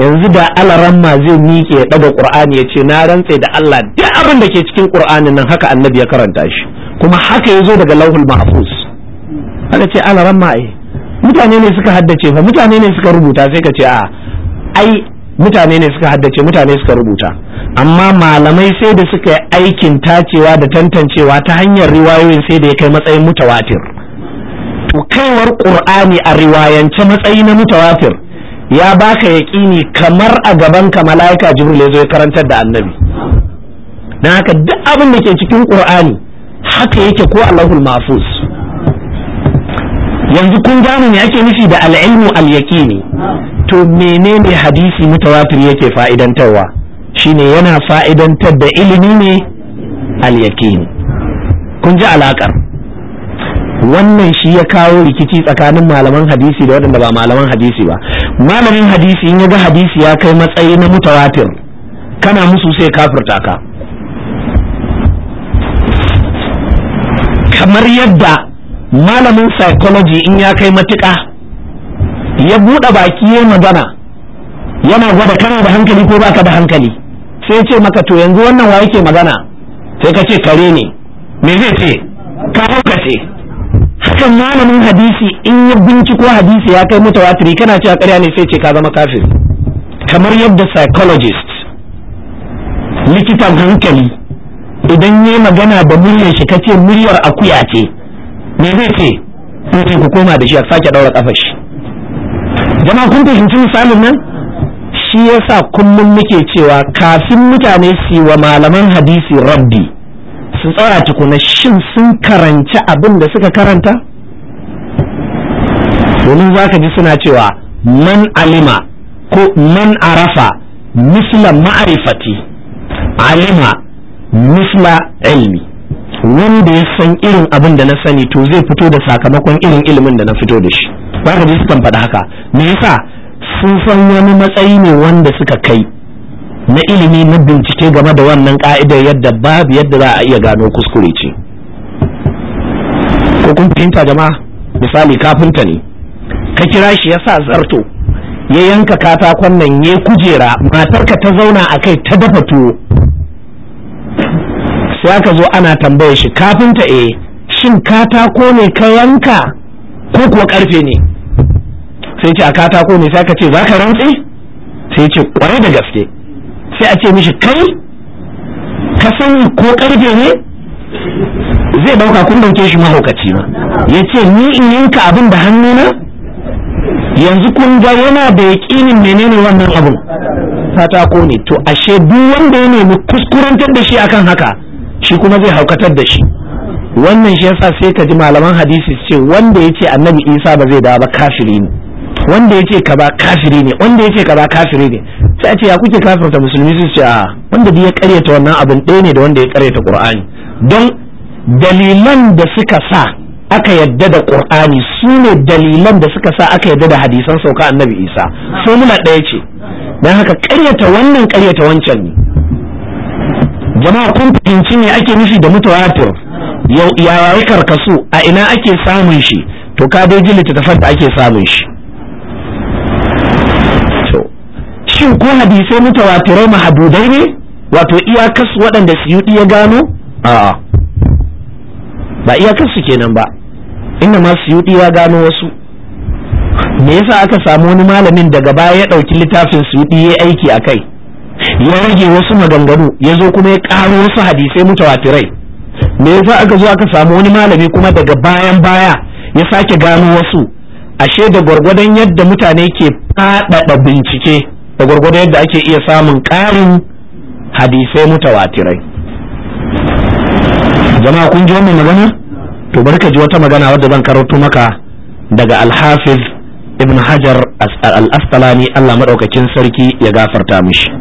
yanzu da alaran ma zai miƙe ya ɗaga ƙur'ani ya ce na rantse da Allah duk abin da ke cikin ƙur'anin nan haka annabi ya karanta shi kuma haka ya zo daga lauhul mahfuz aka ce alaran ma eh. mutane ne suka haddace fa mutane ne suka rubuta sai ka ce a ai mutane ne suka haddace mutane suka rubuta amma malamai sai da suka yi aikin tacewa da tantancewa ta hanyar riwayoyin sai da ya kai matsayin mutawatir to kaiwar qur'ani a riwayance matsayi na mutawatir ya baka yaƙini kamar a gaban ka mala'ika jibril ya zo ya karantar da annabi dan haka duk abin da ke cikin qur'ani haka yake ko allahul mahfuz yanzu kun gano me ake nufi da al-ilmu al-yaqini to menene hadisi mutawatir yake fa'idantarwa shine yana fa'idantar da ilimi ne al-yaqini kun ji alakar wannan shi ya kawo rikici tsakanin malaman hadisi da waɗanda ba malaman hadisi ba malamin hadisi in ya ga hadisi ya kai matsayi na mutawatir kana musu sai kafirta ka kamar yadda malamin psychology in ya kai matuƙa ya buɗe baki ya magana yana gwada kana da hankali ko baka da hankali sai ce maka to yanzu wannan wa yake magana sai ka ce kare ne me zai ce ka hauka ce hakan malamin hadisi in ya binciko hadisi ya kai watiri kana cewa ƙarya ne sai ce ka zama kafir kamar yadda psychologist likitan hankali idan ya magana da muryar shi kace muryar akuya ce me zai ce in ce ku koma da shi a sake daura kafa shi jama'a kun fahimci misalin nan shi yasa kullum muke cewa kafin mutane su wa malaman hadisi rabbi su tsara tukuna shin sun karanci abin da suka karanta domin za ka ji suna cewa man alima ko man arafa misla ma'arifati alima misla ilmi wanda ya san irin abin da na sani to zai fito da sakamakon irin ilimin da na fito da shi ba ka ji sukan faɗa haka me yasa sun san wani matsayi ne wanda suka kai na ilimi na bincike game da wannan ka'idar yadda babu yadda za a iya gano kuskure ce ko kun fahimta jama'a misali kafinta ne ka kira shi ya sa zarto ya yanka katakon nan ya kujera matarka ta zauna a kai ta dafa tuwo ya ka zo ana tambaye shi kafinta eh shin katako ne ka yanka ko kuwa karfe ne sai ce a katako ne sai ka ce za ka rantse sai ce kwarai da gaske sai a ce mishi kai ka sani ko karfe ne zai dauka kun dauke shi mahaukaci ba ya ce ni in yanka abin da hannuna yanzu kun ga yana da yaƙinin menene wannan abin katako ne to ashe duk wanda ya nemi kuskurantar da shi akan haka shi kuma zai haukatar da shi wannan shi yasa sai ka ji malaman hadisi ce wanda ya ce annabi isa ba zai dawo ba kafiri ne wanda ya ce ka ba kafiri ne wanda ya ce ka ba kafiri ne sai a ce ya kuke kafirta musulmi su ce a wanda ya karyata wannan abin ɗaya ne da wanda ya karyata qur'ani don dalilan da suka sa aka yadda da qur'ani su ne dalilan da suka sa aka yadda da hadisan sauka annabi isa formula ɗaya ce don haka karyata wannan karyata wancan ne jama'a kun fahimci me ake nufi da mutawatir yau yawaye karkasu a ina ake samun shi to ka dai ji ta da ake samun shi to shin ko hadisai mutawatirai mahadudai ne wato iyakas waɗanda suyuɗi ya gano a'a ba iyakas su kenan ba inda ma suyuɗi ya gano wasu me yasa aka samu wani malamin daga baya ya ɗauki littafin su ya aiki a kai ya rage wasu maganganu ya zo kuma ya ƙaro wasu hadisai mutawatirai me yasa aka zo aka samu wani malami kuma daga bayan baya ya sake gano wasu ashe da gwargwadon yadda mutane ke faɗaɗa bincike da gwargwadon yadda ake iya samun ƙarin hadisai mutawatirai jama'a kun ji wannan magana to bari ji wata magana wadda zan karanto maka daga alhafiz ibn hajar al astalani Allah madaukakin sarki ya gafarta mishi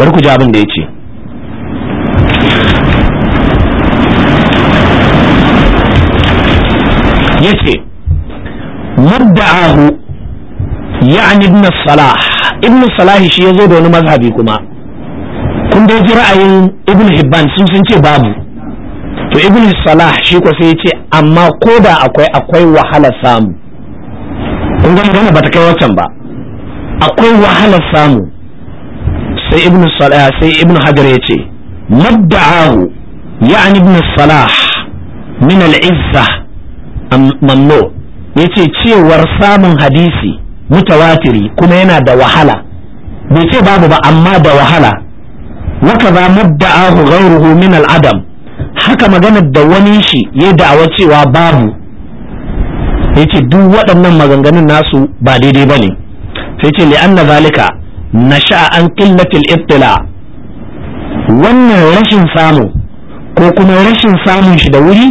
bar ku ji abin da yace yace mudda'ahu ya'ni ibn salah ibn salah shi yazo da wani mazhabi kuma kun dai ji ra'ayin ibn hibban sun sun ce babu to ibn salah shi ko sai yace amma koda akwai akwai wahala samu kun gani gana bata kai wancan ba akwai wahalar samu sai ibn sai ibn hajar ya ce madda'ahu ya'ni ibn salah min al-izza mamnu yace cewar samun hadisi mutawatiri kuma yana da wahala bai ce babu ba amma da wahala wakaza madda'ahu ghayruhu min al-adam haka magana da wani shi ya da'awa cewa babu sai ce duk waɗannan maganganun nasu ba daidai ba ne sai ce li'anna zalika nasha an qillatil ibtila wannan rashin samu ko kuma rashin samun shi da wuri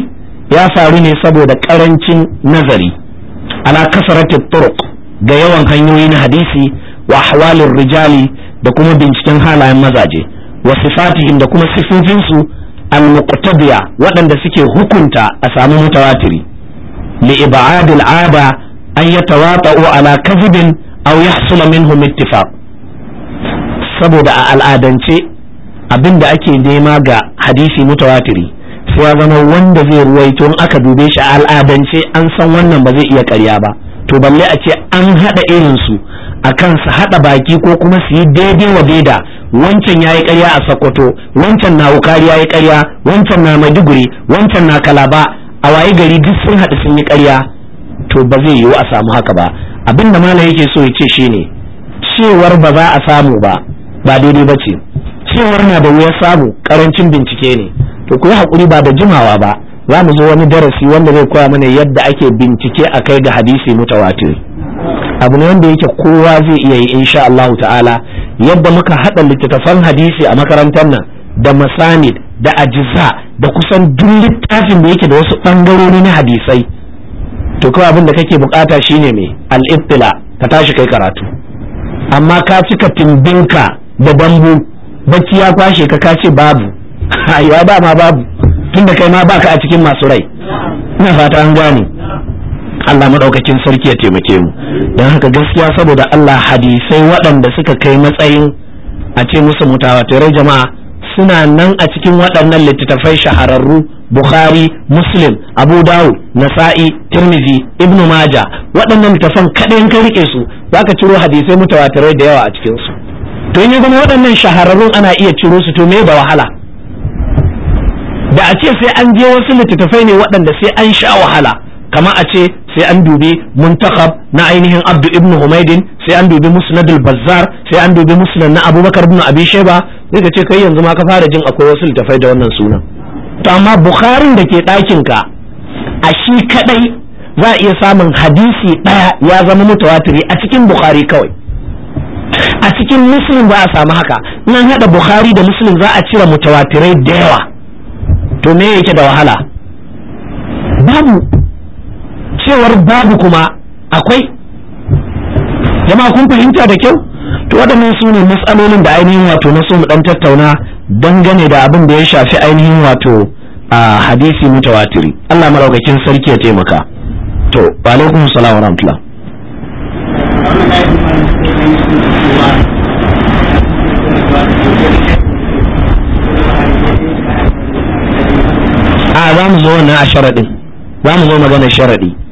ya faru ne saboda karancin nazari ala kasaratit turuq ga yawan hanyoyi na hadisi wa ahwalir rijali da kuma binciken halayen mazaje wa sifatihim da kuma sifofinsu al-muqtadiya waɗanda suke hukunta a samu mutawatiri li ibadil ada an yatawata'u ala kadhibin aw yahsul minhum saboda a al'adance abinda ake nema ga hadisi mutawatiri sai ya zama wanda zai ruwaito in aka dube shi a al'adance an san wannan ba zai iya karya ba to balle a ce an haɗa irinsu a kan su haɗa baki ko kuma su yi daidai wa daida wancan ya yi karya a sokoto wancan na wukari ya yi karya wancan na maiduguri wancan na kalaba a waye gari duk sun haɗu sun yi ƙarya to ba zai yiwu a samu haka ba abin da malam yake so ya ce shine cewar ba za a samu ba ba daidai ba ce cewar na da wuya samu karancin bincike ne to ku yi haƙuri ba da jimawa ba za mu zo wani darasi wanda zai koya mana yadda ake bincike a kai ga hadisi mutawatir abu ne wanda yake kowa zai iya yi insha Allah ta'ala yadda muka haɗa littattafan hadisi a makarantar nan da masanid da ajiza da kusan duk littafin da yake da wasu bangarori na hadisai to kawai abin da kake bukata shine mai al ka tashi kai karatu amma ka cika timbinka da bambu bacci ya kwashe ka kace babu ayuwa *laughs* ba ma babu tunda kai ma baka a cikin masu rai ina fata an gane Allah madaukakin sarki ya taimake mu don haka gaskiya saboda Allah hadisai waɗanda suka kai matsayin a ce musu mutawatirai jama'a suna nan a cikin waɗannan littattafai shahararru bukhari muslim abu dawud nasa'i tirmizi ibn maja waɗannan littattafan kaɗai in ka rike su za ka ciro hadisai mutawatirai da yawa a cikin su to in zama waɗannan shahararrun ana iya ciro su to me ba wahala da a ce sai an je wasu littattafai ne waɗanda sai an sha wahala kama a ce sai an dubi muntakab na ainihin abdu ibn humaidin sai an dubi musnadul bazzar sai an dubi musnad na abubakar ibn abi sheba sai ka ce kai yanzu ma ka fara jin akwai wasu littafai da wannan sunan to amma bukharin da ke ɗakin ka a shi kadai za a iya samun hadisi ɗaya ya zama mutawatiri a cikin bukhari kawai a cikin muslim ba a samu haka nan hada bukhari da muslim za a cire mutawatirai da yawa to me yake da wahala babu cewar babu kuma akwai jama'a kun fahimta da kyau to waɗannan su ne matsalolin da ainihin wato na so mu dan tattauna dangane da abin da ya shafi ainihin wato a hadisi mutawatiri Allah maraukakin sarki ya taimaka to wa alaikum salam wa rahmatullah a za mu zo wannan a sharaɗin za mu zo magana sharaɗi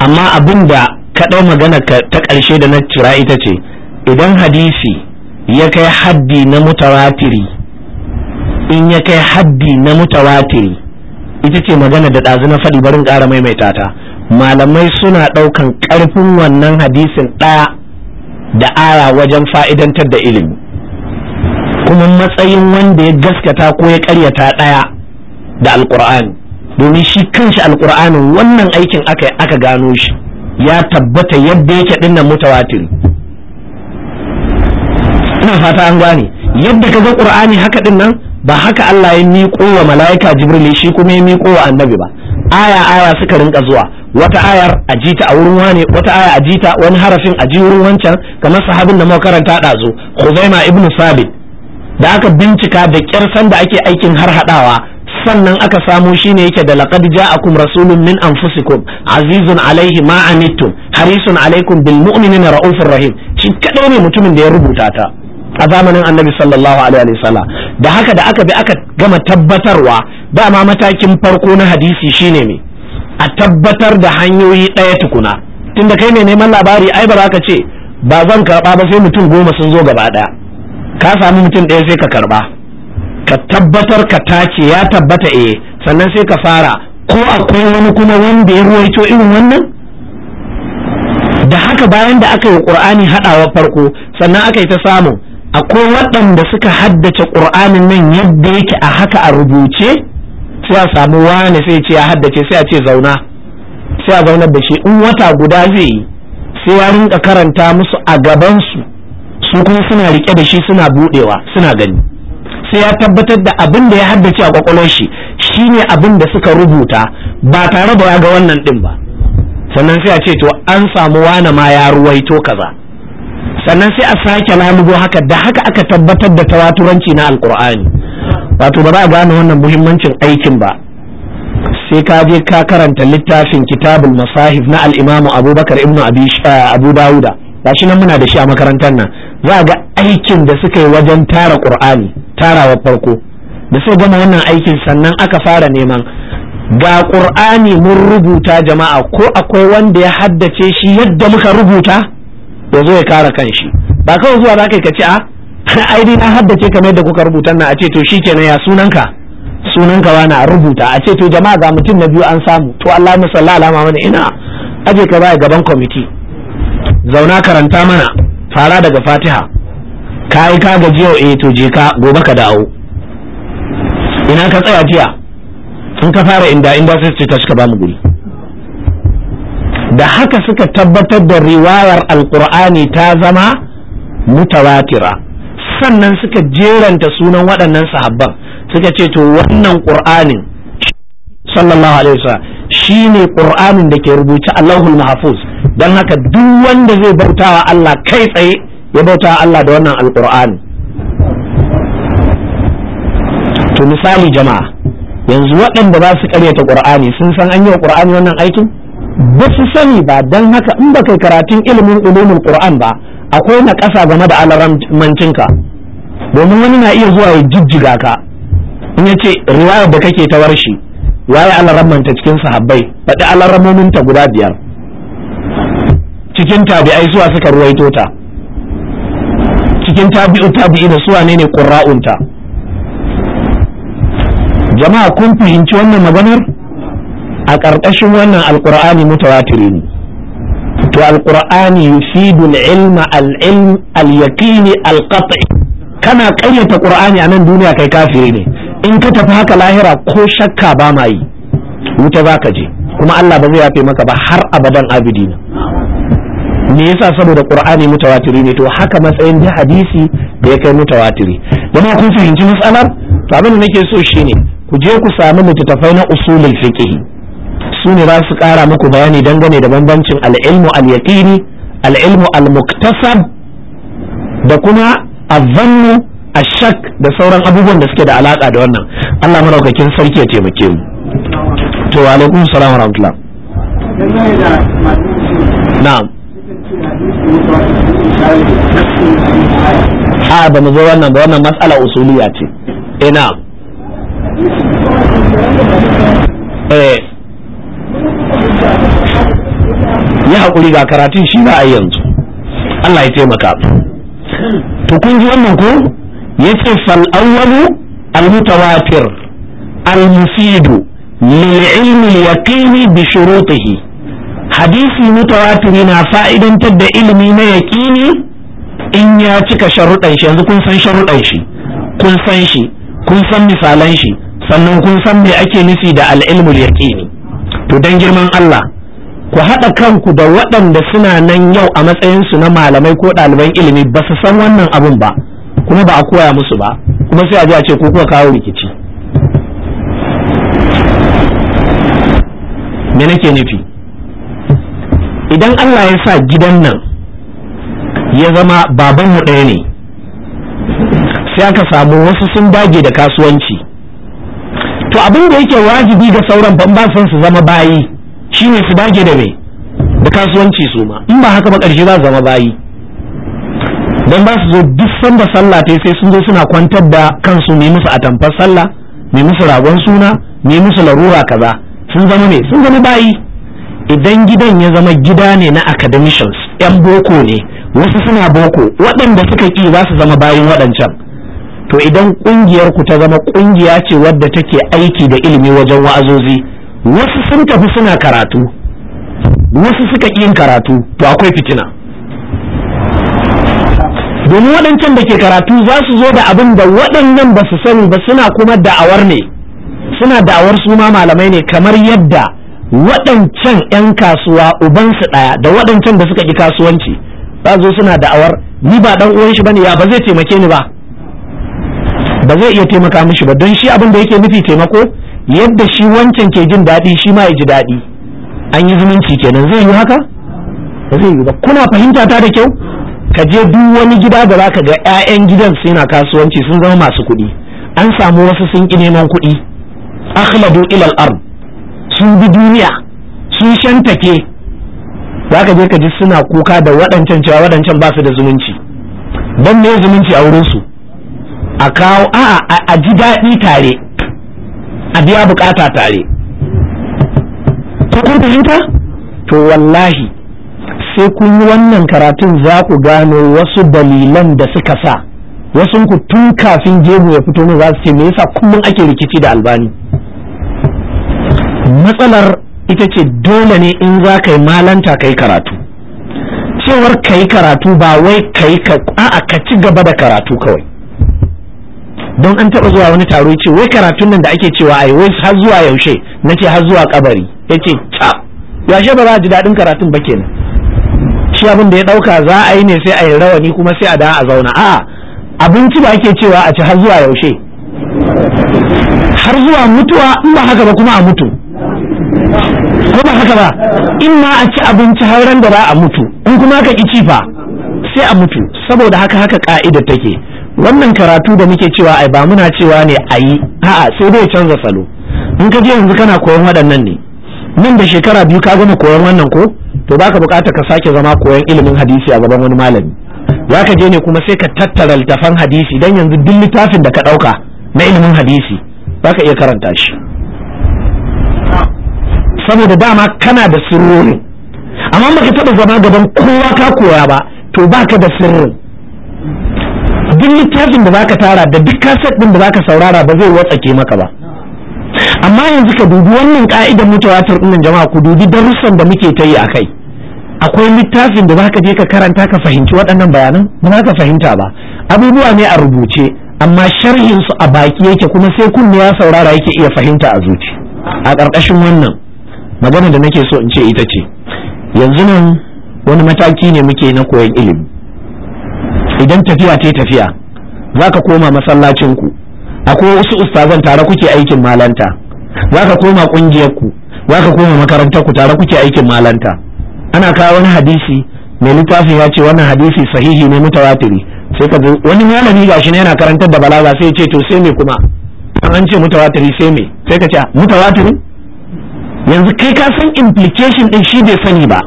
amma abin da ka ɗau magana ta ƙarshe da na cira ita ce idan hadisi ya kai haddi na mutawatiri in ya kai haddi na mutawatiri ita ce magana da ɗazu na faɗi barin ƙara maimaita ta malamai suna ɗaukan ƙarfin wannan hadisin ɗaya da aya wajen fa'idantar da ilimi kuma matsayin wanda ya gaskata ko ya ƙaryata ɗaya da alƙur'ani domin shi kanshi alkur'anin wannan aikin aka aka gano shi ya tabbata yadda yake dinnan mutawatir ina fata an gane yadda ka ga qur'ani haka dinnan ba haka Allah ya miƙo wa mala'ika jibril shi kuma ya miƙo wa annabi ba aya aya suka rinka zuwa wata ayar a jita a wurin wane wata aya a jita wani harafin a ji wurin wancan kamar sahabin da makaranta ɗazu Khuzaima ibnu Sabit da aka bincika da kyar sanda ake aikin har hadawa sannan aka samo shine yake da a ja'akum rasulun min anfusikum azizun alaihi ma harisun alaikum bil mu'minina raufur rahim shi kadai ne mutumin da ya rubuta ta a zamanin annabi sallallahu alaihi wasallam da haka da aka bi aka gama tabbatarwa dama matakin farko na hadisi shine me a tabbatar da hanyoyi ɗaya tukuna tunda kai ne neman labari ai ba za ka ce ba zan karba ba sai mutum goma sun zo gaba ɗaya ka samu mutum ɗaya sai ka karɓa. ka tabbatar ka tace ya tabbata eh sannan sai ka fara ko akwai wani kuma wanda ya ruwaito irin wannan da haka bayan da aka yi qur'ani hadawa farko sannan aka yi ta samu akwai waɗanda suka haddace qur'anin nan yadda yake a haka a rubuce sai a samu wani sai ce ya haddace sai a ce zauna sai a zaunar da shi in wata guda zai yi sai ya rinka karanta musu a gabansu su kuma suna rike da shi suna budewa suna gani sai ya tabbatar da abin da ya haddace a kwakwalwar shi shine abin da suka rubuta ba tare da ya ga wannan din ba sannan sai a ce to an samu wani ma ya ruwaito kaza sannan sai a sake lamugo haka da haka aka tabbatar da tawaturanci na alkur'ani wato ba za a gane wannan muhimmancin aikin ba sai ka je ka karanta littafin kitabul masahif na al abubakar ibnu abi eh, abu dauda gashi nan muna da shi a makarantar nan za a ga aikin da suka yi wajen tara tara wa farko da su gama wannan aikin sannan aka fara neman ga qur'ani mun rubuta jama'a ko akwai wanda ya haddace shi yadda muka rubuta ya zo ya kara kanshi ba kawai zuwa za ka ka ce a ah, *laughs* ai dai na haddace kamar yadda kuka rubuta nan a ce to shikenan ya sunanka sunanka wani a rubuta a ce to jama'a ga mutum na biyu an samu to Allah musalla alama mana ina aje ka baya gaban kwamiti zauna karanta mana fara daga fatiha ka yi ka gaji yau eh to je ka gobe ka dawo ina ka tsaya jiya in ka fara inda inda sai ce ta cika ba mu guri da haka suka tabbatar da riwayar alkur'ani ta zama mutawatira sannan suka jeranta sunan waɗannan sahabban suka ce to wannan ƙur'anin sallallahu alaihi wasallam shine qur'anin da ke rubuce allahul mahfuz dan haka duk wanda zai bauta wa Allah kai tsaye ya bauta wa Allah da wannan alqur'ani to misali jama'a yanzu waɗanda ba su karyata qur'ani sun san an yi wa qur'ani wannan aikin ba su sani ba dan haka in ba kai karatun ilimin ulumul qur'an ba akwai na ƙasa game da alamancinka domin wani na iya zuwa ya jijjiga ka in ya ce riwayar da kake ta warshi waye alaramman ta cikin sahabbai faɗi alaramomin ta guda biyar cikin tabi'ai suwa suka ruwaito ta cikin tabi'u tabi'i da suwa ne ne qurra'unta jama'a kun fahimci wannan maganar a ƙarƙashin wannan alqur'ani mutawatiri ne to alqur'ani yufidu al-ilma al-ilm al-yaqini kana ƙayyata ƙur'ani a nan duniya kai kafiri ne in ka tafi haka lahira ko shakka ba ma yi wuta za ka je kuma Allah ba zai yafe maka ba har abadan abidina me yasa saboda qur'ani mutawatiri ne to haka matsayin da hadisi da ya kai mutawatiri dama kun fahimci matsalar to abin da nake so shine ku je ku samu littattafai na usulul fiqh su ne za su kara muku bayani dangane da bambancin al-ilmu al-yaqini al-ilmu al-muktasab da kuma azannu ashak da sauran abubuwan da suke da alaka da wannan Allah maraukakin sarki ya taimake mu to wa alaikum salam wa rahmatullah na'am a ba mu zo wannan ba wannan matsala usuliya ce eh na'am eh ya hakuri ga karatun shi ba a yanzu Allah ya taimaka to kun ji wannan ko yace fal awwalu al mutawatir al mufidu lil ilmi al yaqini bi shurutihi hadisi mutawatir na fa'idantar da ilimi na yaqini in ya cika sharuɗan shi yanzu kun san sharuɗan shi kun san shi kun san misalan shi sannan kun san me ake nufi da al yaqini to dan girman Allah ku haɗa kanku da waɗanda suna nan yau a matsayinsu na malamai ko ɗaliban ilimi ba su san wannan abun ba kuma ba a koya musu ba kuma sai a ji a ce ko kuwa kawo rikici me nake nufi idan Allah ya sa gidan nan ya zama babanmu ɗaya ne sai aka samu wasu sun dage da kasuwanci to abin da yake wajibi ga sauran ban son su zama bayi shine su dage da me da kasuwanci su ma in ba haka ba ƙarshe za su zama bayi dan ba su zo duk sanda sallah ta sai sun zo suna kwantar da kansu mai musu atamfar sallah mai musu ragon suna mai musu larura kaza sun zama ne sun zama bayi idan gidan ya zama gida ne na academicians yan boko ne wasu suna boko waɗanda suka ƙi za su zama bayin waɗancan to idan ƙungiyar ku ta zama ƙungiya ce wadda take aiki da ilimi wajen wa'azozi wasu sun tafi suna karatu wasu suka ƙi yin karatu to akwai fitina domin waɗancan da ke karatu za su zo da abin da waɗannan ba su sani ba suna kuma da'awar ne suna da'awar su ma malamai ne kamar yadda waɗancan 'yan kasuwa ubansu ɗaya da waɗancan da suka ƙi kasuwanci za zo suna da'awar ni ba ɗan uwan shi bane ya ba zai taimake ni ba ba zai iya taimaka mishi ba don shi abin da yake nufi taimako yadda shi wancan ke jin daɗi shi ma ya ji daɗi an yi zumunci kenan zai yi haka ba zai yi ba kuna fahimta ta da kyau ka je duk wani gida da zaka ga 'ya'yan gidan su yana kasuwanci sun zama masu kuɗi an samu wasu sun ƙi neman kuɗi akhladu ilal ard sun bi duniya sun shantake zaka je ka ji suna kuka da waɗancan cewa waɗancan ba su da zumunci don me zumunci a wurin su a kawo a a ji daɗi tare a biya bukata tare kun fahimta to wallahi sai kun yi wannan karatun za ku gano wasu dalilan da suka sa wasu ku tun kafin jebu ya fito ne za su ce me yasa kullum ake rikici da albani matsalar ita ce dole ne in za ka yi malanta ka yi karatu cewar ka yi karatu ba wai ka yi a'a ka ci gaba da karatu kawai don an taɓa zuwa wani taro ce wai karatun nan da ake cewa ai wai har zuwa yaushe na ce har zuwa kabari ya ce ca yaushe ba za a ji daɗin karatun ba kenan shi abin da ya ɗauka za a yi ne sai a yi rawani kuma sai a da a zauna a abinci ba ake cewa a ci har zuwa yaushe har zuwa mutuwa in ba haka ba kuma a mutu ko ba haka ba in ma a ci abinci har ran da ba a mutu in kuma ka ki ci fa sai a mutu saboda haka haka ka'ida take wannan karatu da muke cewa ai ba muna cewa ne ayi. a'a sai dai canza salo in ka je yanzu kana koyon waɗannan ne nan da shekara biyu ka gama koyon wannan ko to baka bukata ka sake zama koyon ilimin hadisi a gaban wani malami za ka je ne kuma sai ka tattara littafan hadisi dan yanzu duk littafin da ka dauka na ilimin hadisi baka iya karanta shi saboda dama kana da sirrori amma baka taba zama gaban kowa ka koya ba to baka da sirri. duk littafin da zaka tara da duk kaset din da zaka saurara ba zai watsake maka ba amma yanzu ka dubi wannan ka'idar mutawatir ɗin jama'a ku dubi darussan da muke ta yi a kai akwai littafin da zaka je ka karanta ka fahimci waɗannan bayanan ba za ka fahimta ba abubuwa ne a rubuce amma sharhin su a baki yake kuma sai kunne ya saurara yake iya fahimta a zuci a ƙarƙashin wannan magana da nake so in ce ita ce yanzu nan wani mataki ne muke na koyon ilimi idan tafiya ta tafiya za ka koma masallacinku akwai wasu ustazan tare kuke aikin malanta za ka koma kungiyar ku za ka koma makarantar ku tare kuke aikin malanta ana kawo wani hadisi mai littafi ya ce wannan hadisi sahihi ne mutawatiri sai ka wani malami gashi ne yana karantar da balaga sai ce to sai me kuma an ce mutawatiri sai me sai ka ce ah, mutawatiri yanzu kai ka san implication din shi bai sani ba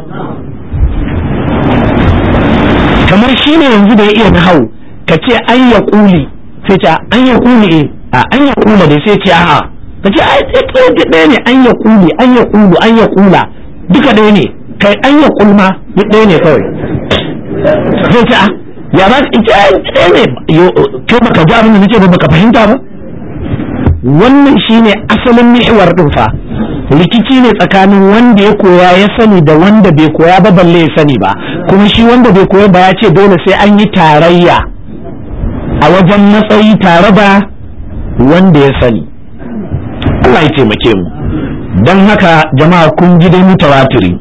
kamar shi ne yanzu da ya iya nahau ka ce an ya kuli sai ce an ya kuli eh. a an ya kula da sai ce a'a ka ce ai duk ɗaya ne an ya kuli an ya kulu an ya kula duka ɗaya ne kai an ya kulma duk ɗaya ne kawai sai ce a ya ba ka ce ai ɗaya ne kai baka ji abin da nake ba baka fahimta ba wannan shine asalin mi'war din fa rikici ne tsakanin wanda ya koya ya sani da wanda bai koya ba balle ya sani ba kuma shi wanda bai koya ba ya ce dole sai an yi tarayya a wajen matsayi tare da wanda ya sani Allah ya taimake mu don haka jama'a kun ji dai mutawatiri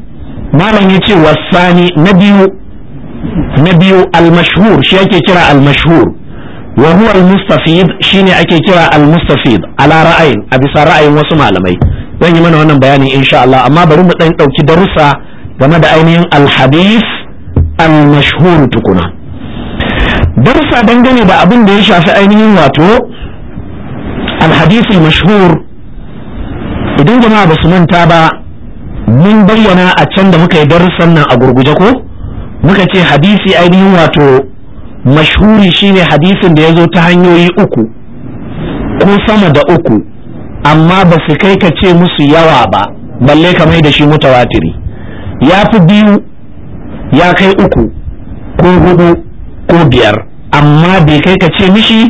malam ya ce wasani na biyu na biyu almashhur shi ake kira almashhur wa huwa almustafid shine ake kira almustafid ala ra'ayin a bisa ra'ayin wasu malamai zan yi mana wannan bayanin insha Allah amma bari mu dan dauki darussa game da ainihin alhadith almashhur tukuna darussa dangane da abin da ya shafi ainihin wato alhadisi mashhur idan jama'a ba su manta ba mun bayyana a can da muka yi darussan nan a gurguje ko muka ce hadisi ainihin wato mashhuri shine hadisin da ya zo ta hanyoyi uku ko sama da uku amma ba su kai ka ce musu yawa ba balle ka mai da shi mutawatiri ya fi biyu ya kai uku ko hudu ko biyar amma bai kai ka ce mishi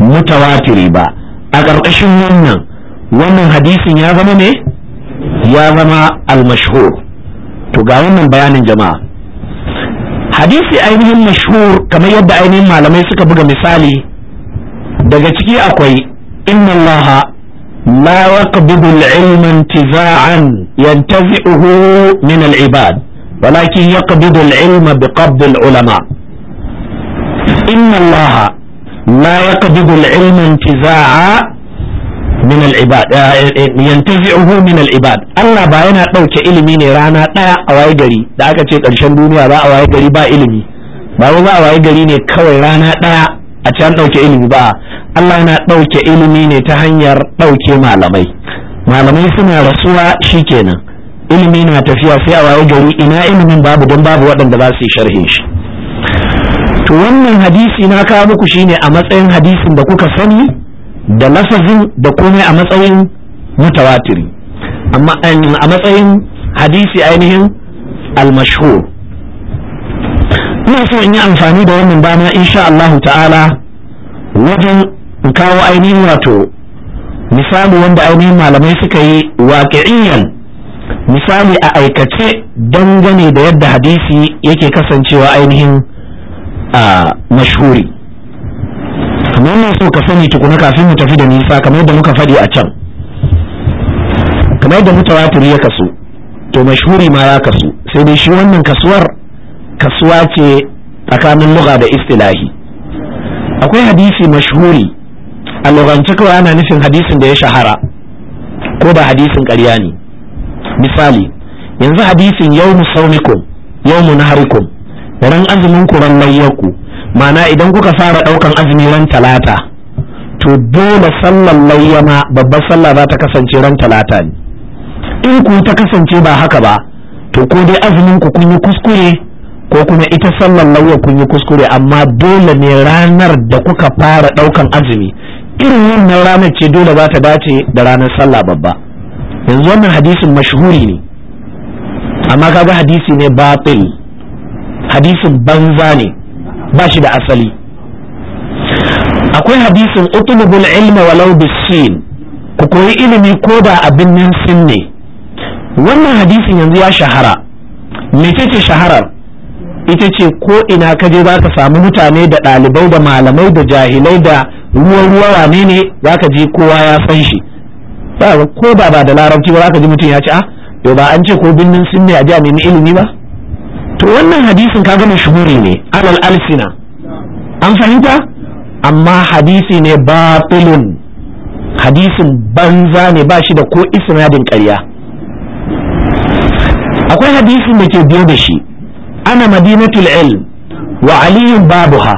mutawatiri ba a ƙarƙashin wannan wannan hadisin ya zama ne ya zama almashhur to ga wannan bayanin jama'a hadisi ainihin mashhur kamar yadda ainihin malamai suka buga misali daga ciki akwai inna allaha لا يقبض العلم انتزاعا ينتزعه walakin العباد ولكن يقبض العلم بقبض العلماء inna allaha la yaqbidu al-ilma intiza'a min al-ibad yantazi'uhu min Allah ba yana ɗauke ilimi ne rana ɗaya a waye gari da aka ce karshen duniya ba a waye gari ba ilimi ba wai a waye gari ne kawai rana ɗaya a can ɗauke ilimi ba Allah na ɗauke ilimi ne ta hanyar ɗauke malamai malamai suna rasuwa shikenan ilimi na tafiya sai a waye gari ina ilimin babu don babu waɗanda za su yi sharhin shi to wannan hadisi na kawo muku shine a matsayin hadisin da kuka sani da lafazin da komai a matsayin mutawatiri amma a matsayin hadisi ainihin almashhur ina so in yi amfani da wannan dama insha Allahu ta'ala wajen kawo ainihin wato misali wanda ainihin malamai suka yi waƙi'iyan misali a aikace dangane da yadda hadisi yake kasancewa ainihin a mashhuri kamar so ka sani tukuna kafin mu tafi da nisa kamar yadda muka faɗi a can kamar yadda mutawatir ya kasu to mashhuri ma ya kasu sai dai shi wannan kasuwar kasuwa ce tsakanin lugha da istilahi akwai hadisi mashhuri a lugance kawai ana nufin hadisin da ya shahara ko ba hadisin ƙarya ne misali yanzu hadisin yau saunikum yawmu naharikum ran azumin ku ran layyarku ma'ana idan kuka fara ɗaukan azumi ran talata to dole sallar layyama babbar sallah za ta kasance ran talata ne in ku ta kasance ba haka ba to ko dai azumin ku kun yi kuskure ko kuma ita sallar lauya kun yi kuskure amma dole ne ranar da kuka fara ɗaukan azumi irin wannan ranar ce dole za ta dace da ranar sallah babba yanzu wannan hadisin mashhuri ne amma kaga hadisi ne batil hadisin banza ne ba shi da asali akwai hadisin utulubul ilma walau bisin ku koyi ilimi ko da abin nan sin ne wannan hadisin yanzu ya shahara ce shaharar ita ce ko ina ka je za ka samu mutane da ɗalibai da malamai da jahilai da ruwan ruwa wane ne za ka je kowa ya san shi ko ba ba da larabci ba za ka ji mutum ya ce ah yau ba an ce ko binnin sunne ne a ji a nemi ilimi ba to wannan hadisin ka kaga mashhuri ne alal alsina an fahimta amma hadisi ne batilun hadisin banza ne ba shi da ko isnadin ƙarya akwai hadisin da ke biyo da shi ana madinatul ilm wa aliyun babuha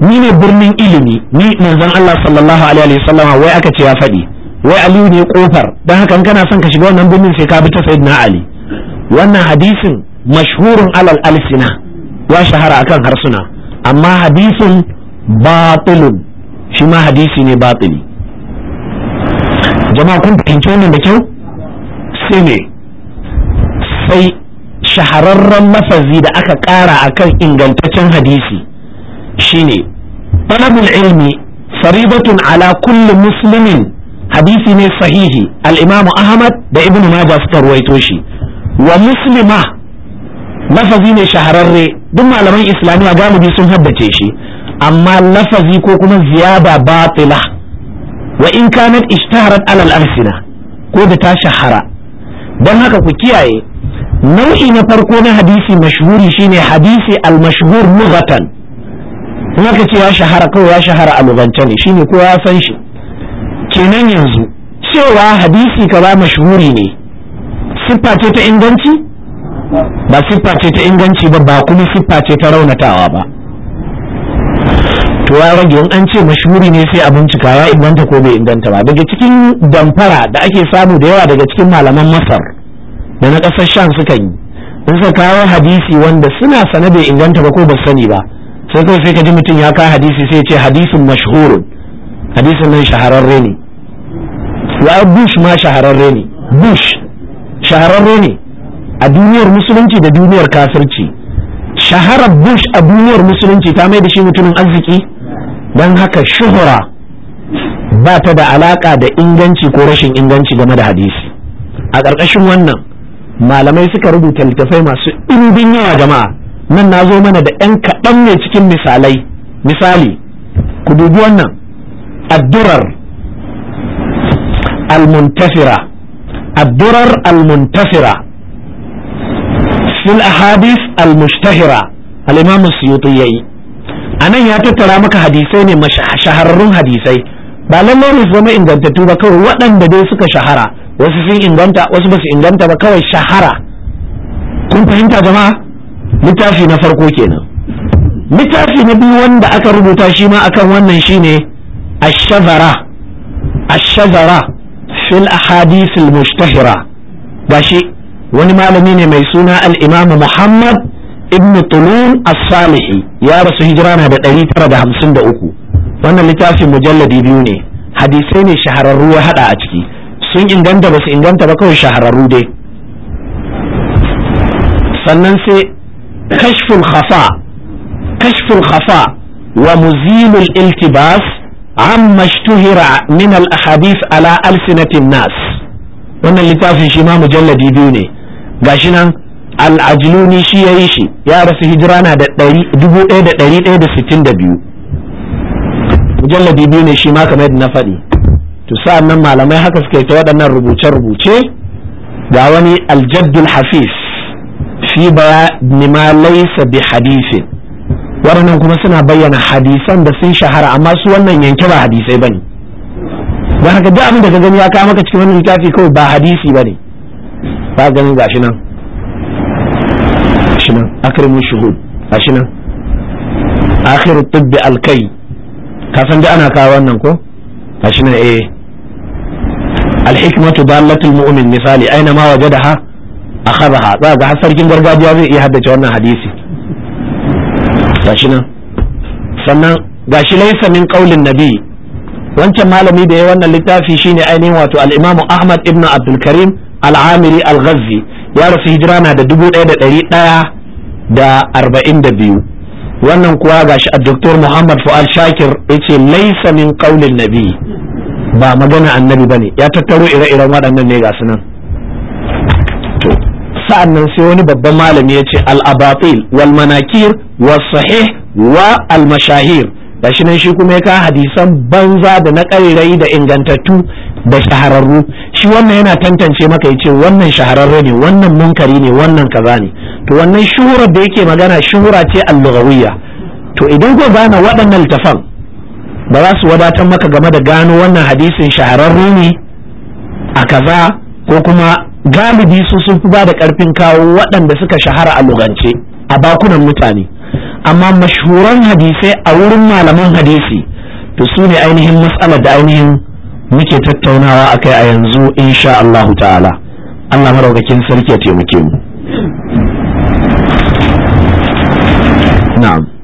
ni ne birnin ilimi ni manzon Allah sallallahu alaihi wa sallam wai aka ce ya faɗi wai aliyu ne kofar dan haka kana son ka shiga wannan birnin sai ka bi ta sayyidina ali wannan hadisin mashhurun alal alsina ya shahara akan harsuna amma hadisin batilun shi ma hadisi ne batili jama'a kun fahimci wannan da kyau sai ne sai shahararren mafazi da aka ƙara akan ingantaccen hadisi shine talabul ilmi faridatun ala kulli muslimin hadisi ne sahihi al-imam ahmad da ibnu majah suka ruwaito shi wa muslima lafazi ne shahararre duk malaman islamiya galibi sun haddace shi amma lafazi ko kuma ziyada batila wa in kanat ishtaharat alal alsina ko da ta shahara don haka ku kiyaye nau'i na farko na hadisi mashhuri shine hadisi al-mashhur lughatan in aka ce ya shahara kawai ya shahara a lugance ne shine kowa ya san shi kenan yanzu cewa hadisi kaza mashhuri ne sifa ce ta inganci ba siffa ce ta inganci ba ba kuma siffa ce ta raunatawa ba to ya rage in an ce mashuri ne sai a bincika ya inganta ko bai inganta ba daga cikin damfara da ake samu da yawa daga cikin malaman masar da na ƙasar shan suka yi in suka kawo hadisi wanda suna sane bai inganta ba ko ba sani ba sai kawai sai ka ji mutum ya kawo hadisi sai ce hadisin mashhurun hadisin nan shahararre ne wa bush ma shahararre ne bush shahararre ne a duniyar musulunci da duniyar kafirci shaharar bush a duniyar musulunci ta mai da shi mutumin arziki don haka shuhura ba ta da alaka da inganci ko rashin inganci game da hadisi a ƙarƙashin wannan malamai suka rubuta littattafai masu ɗimbin yawa jama'a nan na zo mana da 'yan kaɗan ne cikin misalai misali ku dubi wannan addurar al-muntasira addurar al-muntasira fil ahadith al mushtahira al imam suyuti yayi anan ya tattara maka hadisai ne shahararrun hadisai ba lallai ne zama ingantattu ba kawai waɗanda dai suka shahara wasu sun inganta wasu ba su inganta ba kawai shahara kun fahimta jama'a littafi na farko kenan littafi na biyu wanda aka rubuta shi ma akan wannan shine ne ashazara ash-shazara fil ahadith al mushtahira shi. wani malami ne mai suna al-imamu muhammad ibn tulun as-salihi ya rasu hijira na da 953 wannan littafin mujalladi biyu ne hadisai ne shahararru ya hada a ciki sun inganta ba su inganta ba kawai shahararru dai sannan sai kashful khafa kashful khafa wa muzilul iltibas amma ishtuhira min al-ahadith ala alsinatin nas wannan littafin shi ma mujalladi biyu ne gashi nan al-ajluni shi yayi shi ya rasu hijira na da ɗari da da 1162 mujalladi biyu ne shi ma kamar yadda na faɗi to sa'an nan malamai haka suka yi ta waɗannan rubuce-rubuce ga wani aljaddul hafiz fi ni ma laysa bi hadisin waɗannan kuma suna bayyana hadisan da sun shahara amma su wannan yanke ba hadisai bane don haka duk abin da ka gani ya kawo maka cikin wannan littafi kawai ba hadisi bane ka gani gashi nan gashi nan akrimu shuhud gashi nan akhiru tibbi alkai ka san da ana kawo wannan ko gashi nan eh alhikmatu dalatul mu'min misali aina ma wajadaha akhadaha za ga har sarkin gargajiya zai iya haddace wannan hadisi gashi nan sannan gashi laysa min qaulin nabi wancan malami da ya wannan littafi shine ainihin wato al-Imam Ahmad ibn Abdul Karim al'amiri al ghazi ya rasu hijira na da dubu ɗaya da ɗari ɗaya da arba'in da biyu wannan kuwa gashi a doktor muhammad fu'al shakir ya ce laisa min ƙaunin nabi ba magana annabi ne ya tattaro ire-iren waɗannan ne ga nan sa'an nan sai wani babban malami ya ce al-abatil wal manakir was sahih wa al mashahir shi nan shi kuma ya ka hadisan banza da na karirai da ingantattu da shahararru shi wannan yana tantance maka ya ce wannan shahararru ne wannan munkari ne wannan kaza ne to wannan shuhurar da yake magana shuhura ce al to idan ko gana waɗannan littafan ba za su wadatar maka game da gano wannan hadisin shahararru ne a kaza ko kuma galibi su sun fi ba da ƙarfin kawo waɗanda suka shahara a lugance a bakunan mutane amma mashhuran hadisai a wurin malaman hadisi to su ne ainihin matsalar da ainihin muke tattaunawa akai a yanzu insha Allahu ta'ala Allah maraukakin sarki ya taimake mu na'am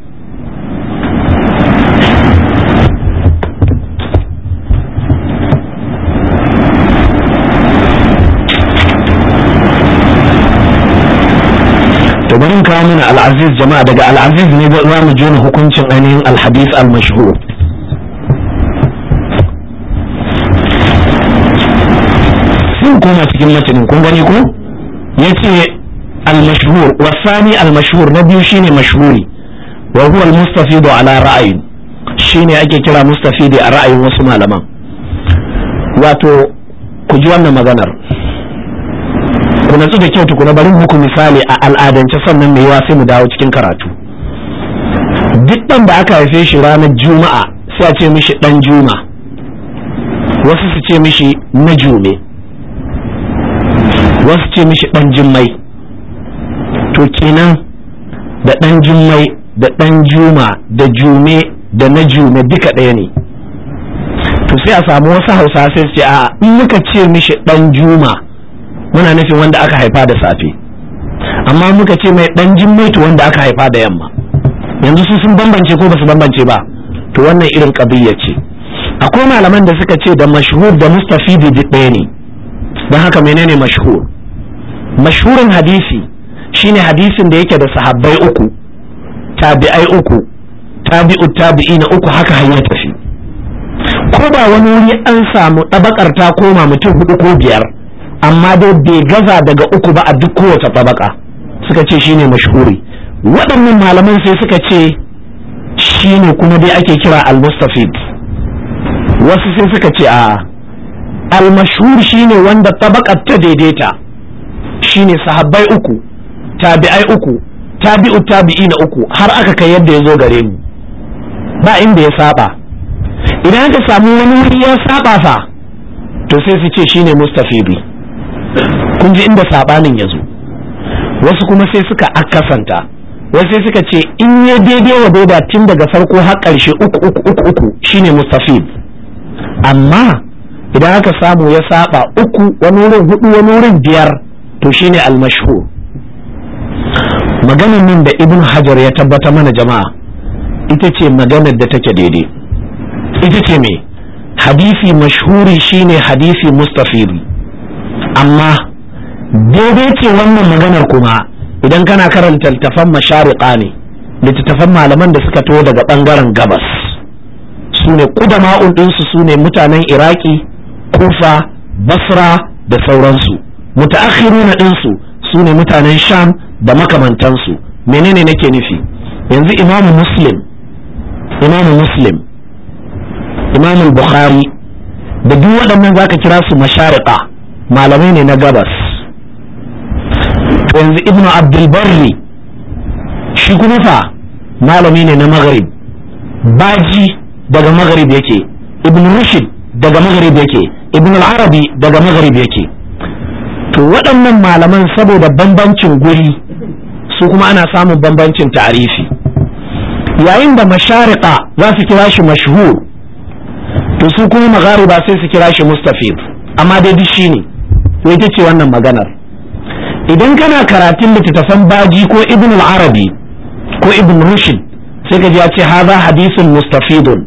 من العزيز جماعة دقى العزيز نبقى وام جون هكون شمعين الحديث المشهور كما تكلمة نكون بنيكو يتي المشهور والثاني المشهور نبيو شيني مشهوري وهو المستفيد على رأي شيني اكي كلا مستفيد على رأي وصمال ما واتو كجوان مغنر tukuna natsu da kyau tukuna bari muku misali a al'adance sannan mai yawa sai mu dawo cikin karatu duk ɗan da aka haife shi ranar juma'a sai a ce mishi ɗan juma wasu su ce mishi na jume wasu ce mishi ɗan jummai to kenan da ɗan jummai da ɗan juma da jume da na jume duka ɗaya ne to sai a samu wasu hausa sai su ce a in muka ce mishi ɗan juma muna nufin wanda aka haifa da safe amma muka ce mai dan jimmaitu wanda aka haifa da yamma yanzu su sun bambance ko ba su bambance ba to wannan irin kabiyya ce akwai malaman da suka ce da mashhur da mustafidi duk ɗaya ne don haka menene mashhur mashhurin hadisi shine hadisin da yake da sahabbai uku tabi'ai uku tabi'u tabi'i uku haka hanyar tafi ko ba wani wuri an samu ɗabakar ta koma mutum hudu ko biyar amma dai bai gaza daga uku ba a duk kowace tabaka suka ce shine mashhuri waɗannan malaman sai suka ce shine kuma dai ake kira al-mustafid wasu sai suka ce a al-mashhur shine wanda tabakar ta daidaita shine sahabbai uku tabi'ai uku tabi'u tabi'i na uku har aka kai yadda ya zo gare mu ba inda ya saba idan aka samu wani wuri ya saba fa to sai su ce shine mustafidi kun ji inda sabanin ya zo wasu kuma sai suka akasanta wasu sai suka ce in ya daidai wa doda tun daga farko har ƙarshe uku uku uku uku shine mustafid amma idan aka samu ya saba uku wani wurin hudu wani wurin biyar to shine almashhur maganar nan da ibn hajar ya tabbata mana jama'a ita ce maganar da take daidai ita ce me hadisi mashhuri shine hadisi mustafidi amma daidai ce wannan maganar kuma idan kana karanta littattafan mashariƙa ne littattafan malaman da suka taho daga ɓangaren gabas su ne kudama ɗinsu su ne mutanen iraki kufa basra da sauransu mutaakhiruna ɗinsu su ne mutanen sham da makamantansu menene nake nufi yanzu imamu muslim imamu muslim imamu bukhari da duk waɗannan zaka kira su mashariƙa malamai ne na gabas yanzu ibnu abdulbarri shi kuma fa malami ne na magharib baji daga magharib yake ibn rushid daga magharib yake ibn al-arabi daga magharib yake to waɗannan malaman saboda bambancin guri su kuma ana samun bambancin tarifi yayin da mashariƙa za su kira shi mashhur to su kuma magariba sai su kira shi mustafid amma dai duk ne. to ita ce wannan maganar idan kana karatun littattafan baji ko ibn arabi ko ibn rushd sai ka ji ya ce haza hadisin mustafidun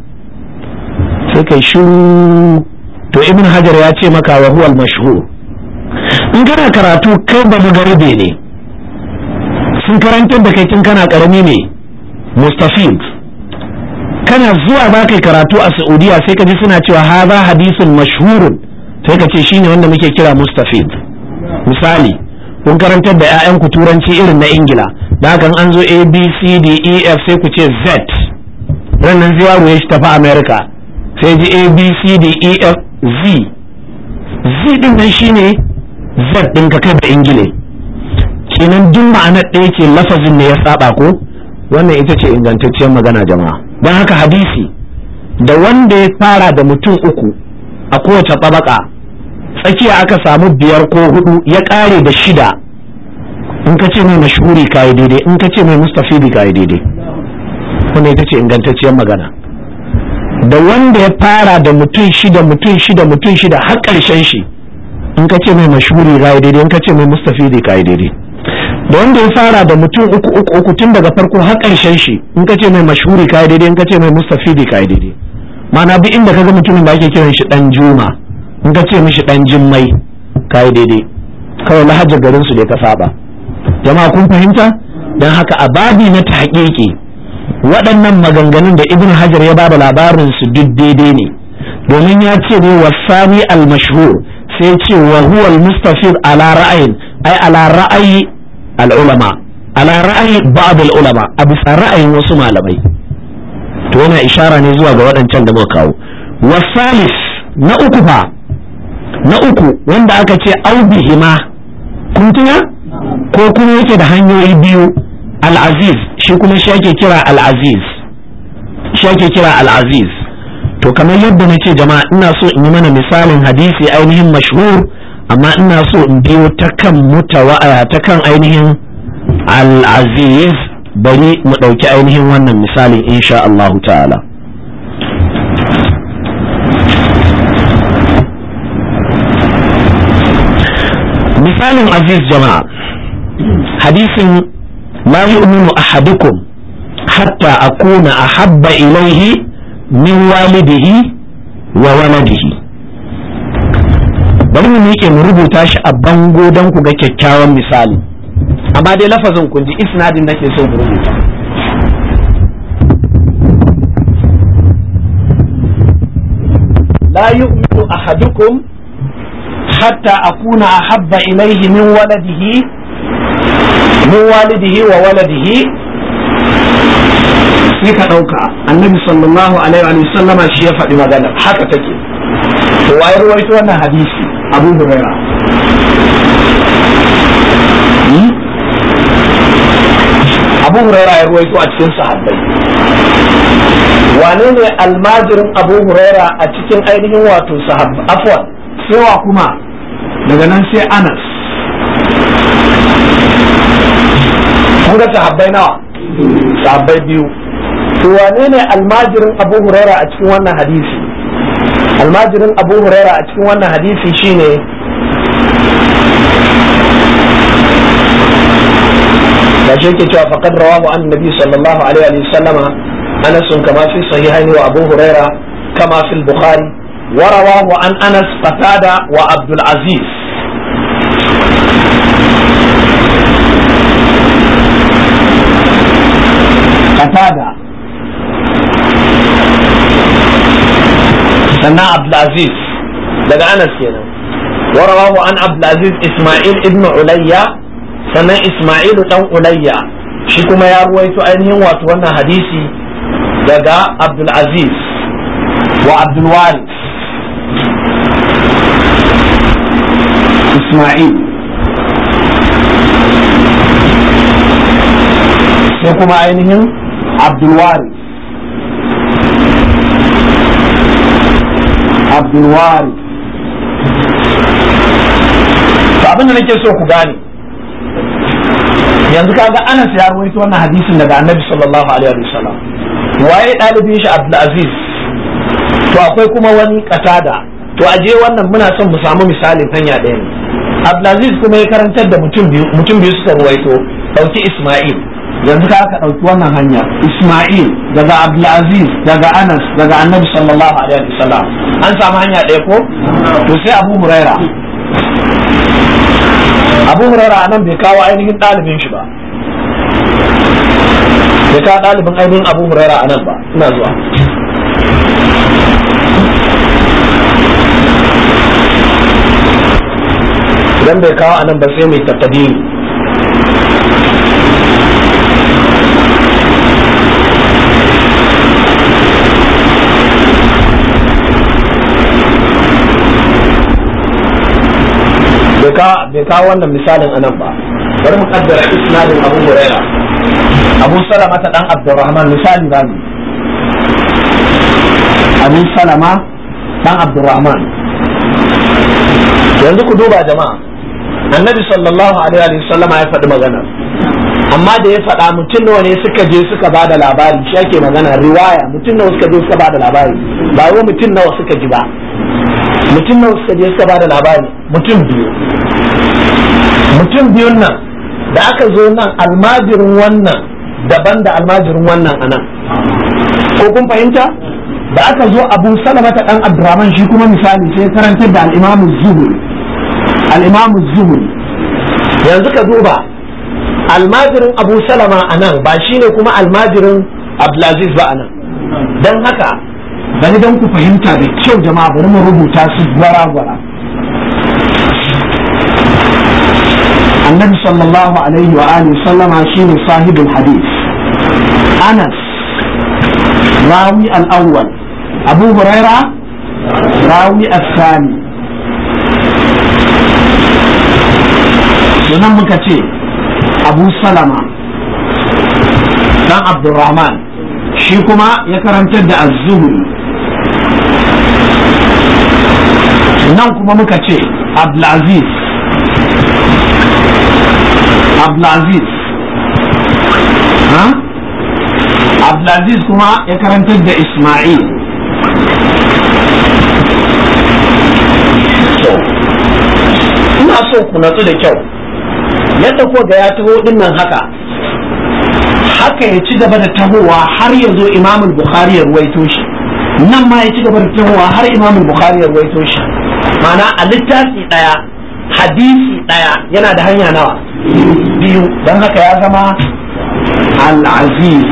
sai kai shiru to ibn hajar ya ce maka wa huwa mashhur in kana karatu kai ba magarbe ne sun karanta da kai tun kana karami ne mustafid kana zuwa ba kai karatu a saudiya sai ka ji suna cewa haza hadisin mashhurun sai ka ce shine wanda muke kira mustafid misali kun karantar da yayan ku turanci irin na ingila da hakan an zo a e, sai ku ce z zuwa ziyaru ya tafi america sai ji a e, z z din nan shine z din ka kai da ingile kenan duk ma'anar ɗaya ce lafazin ne ya saba ko wannan ita ce ingantacciyar magana jama'a don haka hadisi da wanda ya fara da mutum uku a kowace tsabaka tsakiya aka samu biyar ko hudu ya kare da shida in ka ce mai mashuri ka yi daidai in ka ce mai mustafidi ka yi daidai wanda ita ce ingantacciyar magana da wanda ya fara da mutum shida mutum shida mutum shida har karshen shi in ka ce mai mashuri ka yi daidai in ka ce mai mustafidi ka yi daidai da wanda ya fara da mutum uku uku uku tun daga farko har karshen shi in ka ce mai mashuri ka yi daidai in ka ce mai mustafidi ka yi daidai ma'ana bi inda ka ga mutumin da ake kiran shi dan juma in ka ce mishi dan jimmai kai daidai kawai lahajar garin su da ka saba jama'a kun fahimta dan haka a babi na tahqiqi waɗannan maganganun da ibn hajar ya bada labarin su duk daidai ne domin ya ce ne wasani al-mashhur sai ce wa huwa al-mustafid ala ra'ayin ai ala ra'ayi al-ulama ala ra'ayi ba'd al-ulama a bisa ra'ayin wasu malamai to yana ishara ne zuwa ga waɗancan da muka kawo wasalis na uku fa na uku wanda aka ce aubihima kun tuna ko kuma yake da hanyoyi biyu al'aziz shi kuma shi ake kira al'aziz shi ake kira al'aziz to kamar yadda na ce jama'a ina so in yi mana misalin hadisi ainihin mashhur amma ina so in biyo ta kan mutawa'a ta kan ainihin al'aziz bari mu ɗauki ainihin wannan misalin insha Allah ta'ala misalin aziz jama'a hadisin la yu'minu ahadukum hatta akuna ahabba ilaihi min walidihi wa waladihi bari mu miƙe mu rubuta shi a bango dan ku ga kyakkyawan misali amma dai lafazin kun ji isnadin nake so mu rubuta la yu'minu ahadukum hatta akuna ahabba ilaihi min waladihi min walidihi wa waladihi sai ka dauka annabi sallallahu alaihi wa sallama shi ya faɗi magana haka take to wayar ruwaito wannan hadisi abu huraira abu huraira ya ruwaito a cikin sahabbai wane ne almajirin abu huraira a cikin ainihin wato kuma daga nan sai anas kun ga sahabbai nawa sahabbai biyu to wane ne almajirin abu huraira a cikin wannan hadisi almajirin abu huraira a cikin wannan hadisi shine da shi yake cewa faqad rawahu an nabi sallallahu alaihi wa sallama anas kama fi sahihaini wa abu huraira kama fi bukhari ورواه عن أنس قتادة وعبد العزيز قتادة سنة عبد العزيز لقى أنس هنا ورواه عن عبد العزيز إسماعيل ابن عليا سنة إسماعيل دون عليا shi kuma ya ruwaito ainihin wato wannan hadisi daga abdulaziz wa isma'il sai kuma ainihin abdulwari abdulwari abin da nake so ku gane yanzu kaga anas ya rawaito wannan hadisin daga annabi sallallahu alaihi wasallam waye ɗalibin shi aziz to akwai kuma wani katada. to a je wannan muna son mu samu misalin hanya ɗaya ne Abdulaziz kuma ya karantar da mutum biyu mutum biyu suka ruwaito ɗauki Ismail yanzu ka aka ɗauki wannan hanya Ismail daga Abdulaziz daga Anas daga Annabi sallallahu alaihi wasallam an samu hanya ɗaya ko to sai Abu muraira Abu Huraira nan bai kawo ainihin ɗalibin shi ba bai kawo ɗalibin ainihin Abu a nan ba ina zuwa idan bai kawo anan ba sai mai tattabi. bai kawo wannan misalin anan ba bari mu kaddara isnadin abu huraira abu salama ta dan abdurrahman misalin ba ne abu salama dan abdurrahman yanzu ku duba jama'a annabi sallallahu alaihi wa sallama ya faɗi magana amma da ya faɗa mutum nawa ne suka je suka ba da labari shi ake magana riwaya mutum nawa suka je suka ba da labari ba wai mutum nawa suka ji ba mutum nawa suka je suka ba da labari mutum biyu mutum biyun nan da aka zo nan almajirin wannan daban da almajirin wannan anan ko kun fahimta da aka zo abu salama ta dan abdurrahman shi kuma misali sai karanta da al-imam al-imam zuhri yanzu ka duba almajirin abu salama a nan ba shine kuma almajirin abdulaziz ba anan. nan don haka bari don ku fahimta da kyau jama'a bari mu rubuta su gwara-gwara annabi sallallahu alaihi wa sallama shine sahibul hadith anas rawi al-awwal abu huraira rawi al kenan muka ce abu salama dan abdurrahman shi kuma ya karantar da az-zuhri nan kuma muka ce abdulaziz abdulaziz abdulaziz kuma ya karantar da isma'il ina so ku natsu da kyau yadda ko ga ya taho din nan haka haka ya ci gaba da tahowa har ya zo imamul bukhari ya ruwaito shi nan ma ya ci gaba da tahowa har imamul bukhari ya ruwaito shi ma'ana a littafi daya hadisi daya yana da hanya nawa biyu don haka ya zama al-aziz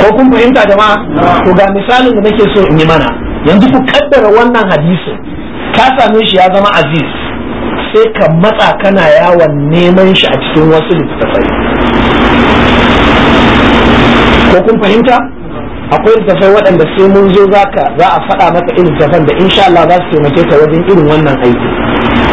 ko kun fahimta jama'a ko ga misalin da nake so in yi mana yanzu ku kaddara wannan hadisi ka same shi ya zama aziz sai ka matsa kana yawon neman shi a cikin wasu littattafai ko kun fahimta akwai littattafai waɗanda sai mun zo za a faɗa maka irin littattafan da insha Allah za su taimake ka wajen irin wannan aiki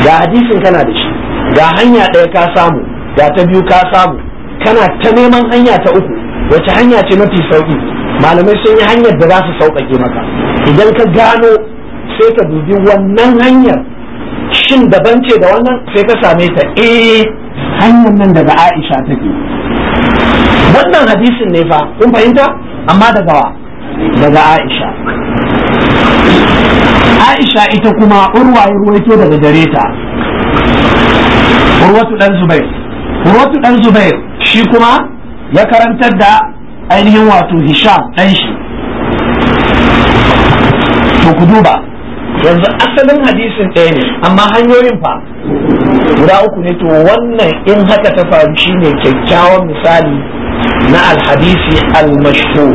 ga hadisin kana da shi ga hanya ɗaya ka samu ga ta biyu ka samu kana ta neman hanya ta uku wace hanya ce mafi sauki malamai sun yi hanyar da za su sauƙaƙe maka idan ka gano sai ka dubi wannan hanyar shin daban ce da wannan sai ka same ta eh hanyar nan daga Aisha take wannan hadisin ne fa kun fahimta amma daga wa daga Aisha Aisha ita kuma urwa ya ruwaito daga gare ta urwatu dan Zubair urwatu dan Zubair shi kuma ya karantar da ainihin wato Hisham dan shi to ku duba yanzu asalin hadisin ɗaya ne amma hanyoyin fa guda uku ne to wannan in haka ta faru ne kyakkyawan misali na alhadisi almashhur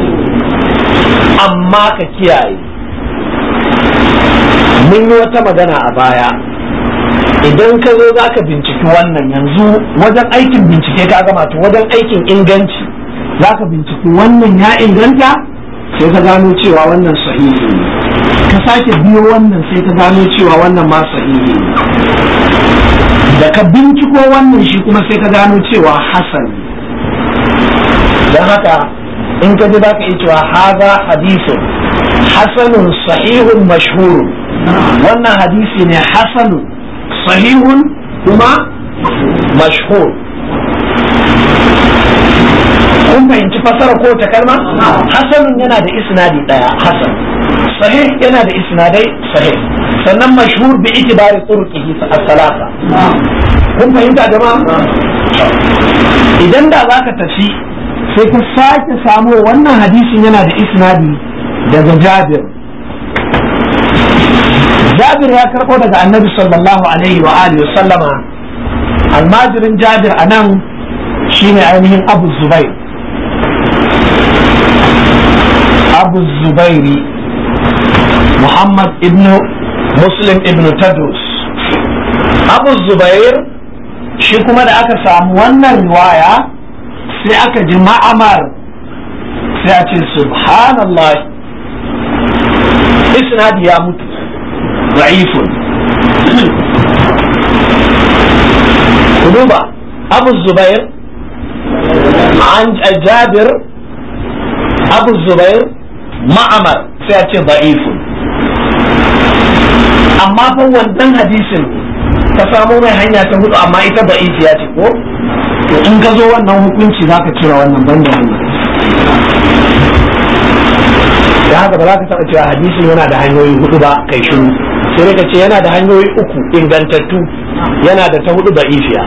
amma ka kiyaye mun yi wata magana a baya idan ka zo za ka binciki wannan yanzu wajen aikin bincike ka gama to wajen aikin inganci za ka binciki wannan ya inganta sai ka gano cewa wannan sahihi ne ka sake biyo wannan sai ka gano cewa wannan ma sahihi da ka binciko wannan shi kuma sai ka gano cewa hasan don haka in ka ji baka cewa haza hadisi hasanun sahihun mashhurun wannan hadisi ne hasanun sahihun kuma mashhur kun fahimci fasara ko ta kalma hasanun yana da isnadi ɗaya hasan sahih yana da isnadai sahih sannan mashhur bi itibari turqihi as-salasa kun fahimta jama'a idan da zaka tafi sai ka sake samo wannan hadisin yana da isnadi daga Jabir Jabir ya karɓo daga Annabi sallallahu alaihi wa alihi wa sallama almajirin Jabir anan shine ainihin Abu Zubair muhammad ibn muslim ibn tadrus abu zubair shi kuma da aka samu wannan riwaya sai aka ji ma'amar sai a ce subhanallah isnad ya mutu da'ifun ku duba abu zubair عن جابر أبو الزبير معمر سيأتي ضعيف amma fa wannan hadisin ka samo mai hanya ta hudu amma ita ba ya ce ko to in ka zo wannan hukunci za ka cire wannan banda hanya da haka ba za ka taɓa cewa hadisin yana da hanyoyi hudu ba kai shiru sai ka ce yana da hanyoyi uku ingantattu yana da ta hudu ba ifiya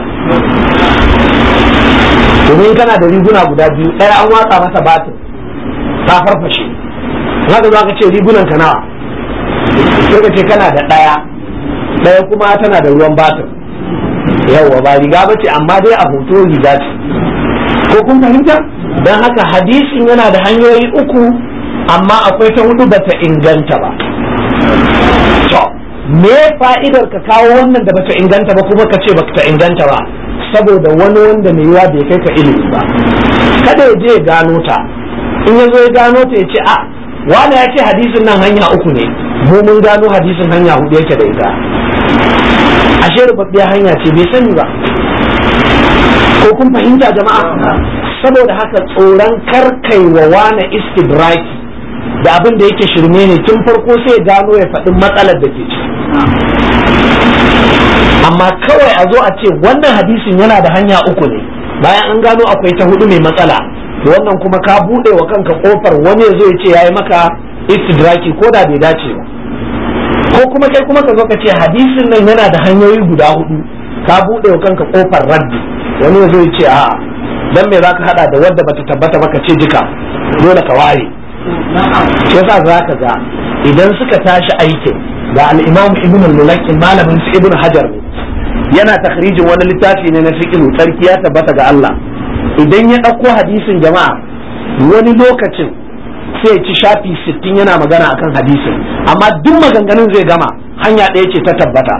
domin kana da riguna guda biyu ɗaya an watsa masa batin ta farfashe za ka ce rigunan ka nawa sai ce kana da ɗaya ɗaya kuma tana da ruwan batir yawwa ba riga ba ce amma dai a hoto riga ce ko kun fahimta don haka hadisin yana da hanyoyi uku amma akwai ta hudu ba ta inganta ba to me fa'idar ka kawo wannan da bata inganta ba kuma ka ce bata inganta ba saboda wani wanda mai yiwa bai kai ka ilimi ba kada ya je ya gano ta in ya zo ya gano ta ya ce a ah, wani ya ce hadisin nan hanya uku ne mu mun gano hadisin hanya hudu yake da ita ashe babbiya hanya ce bai sani ba ko kun fahimta jama'a saboda haka tsoron karkai wa wana istibraki da abin da yake shirme ne tun farko sai gano ya faɗi matsalar da ke amma kawai a zo a ce wannan hadisin yana da hanya uku ne bayan an gano akwai ta hudu mai matsala wannan kuma ka buɗe wa kanka kofar wani ya zo ya ce ya yi maka istidraki ko da bai dace ba ko kuma kai kuma ka zo ka ce hadisin nan yana da hanyoyi guda hudu ka buɗe wa kanka kofar raddi wani ya zo ya ce a'a dan me zaka hada da wanda bata tabbata ba ka ce jika dole ka ware shi yasa zaka ga idan suka tashi aikin da al-Imam Ibn al mulakin malamin su Ibn Hajar yana takhrijin wani littafi ne na fiqh tsarki, ya tabbata ga Allah idan ya dauko hadisin jama'a wani lokacin sai ci shafi sittin yana magana akan hadisin amma duk maganganun zai gama hanya ɗaya ce ta tabbata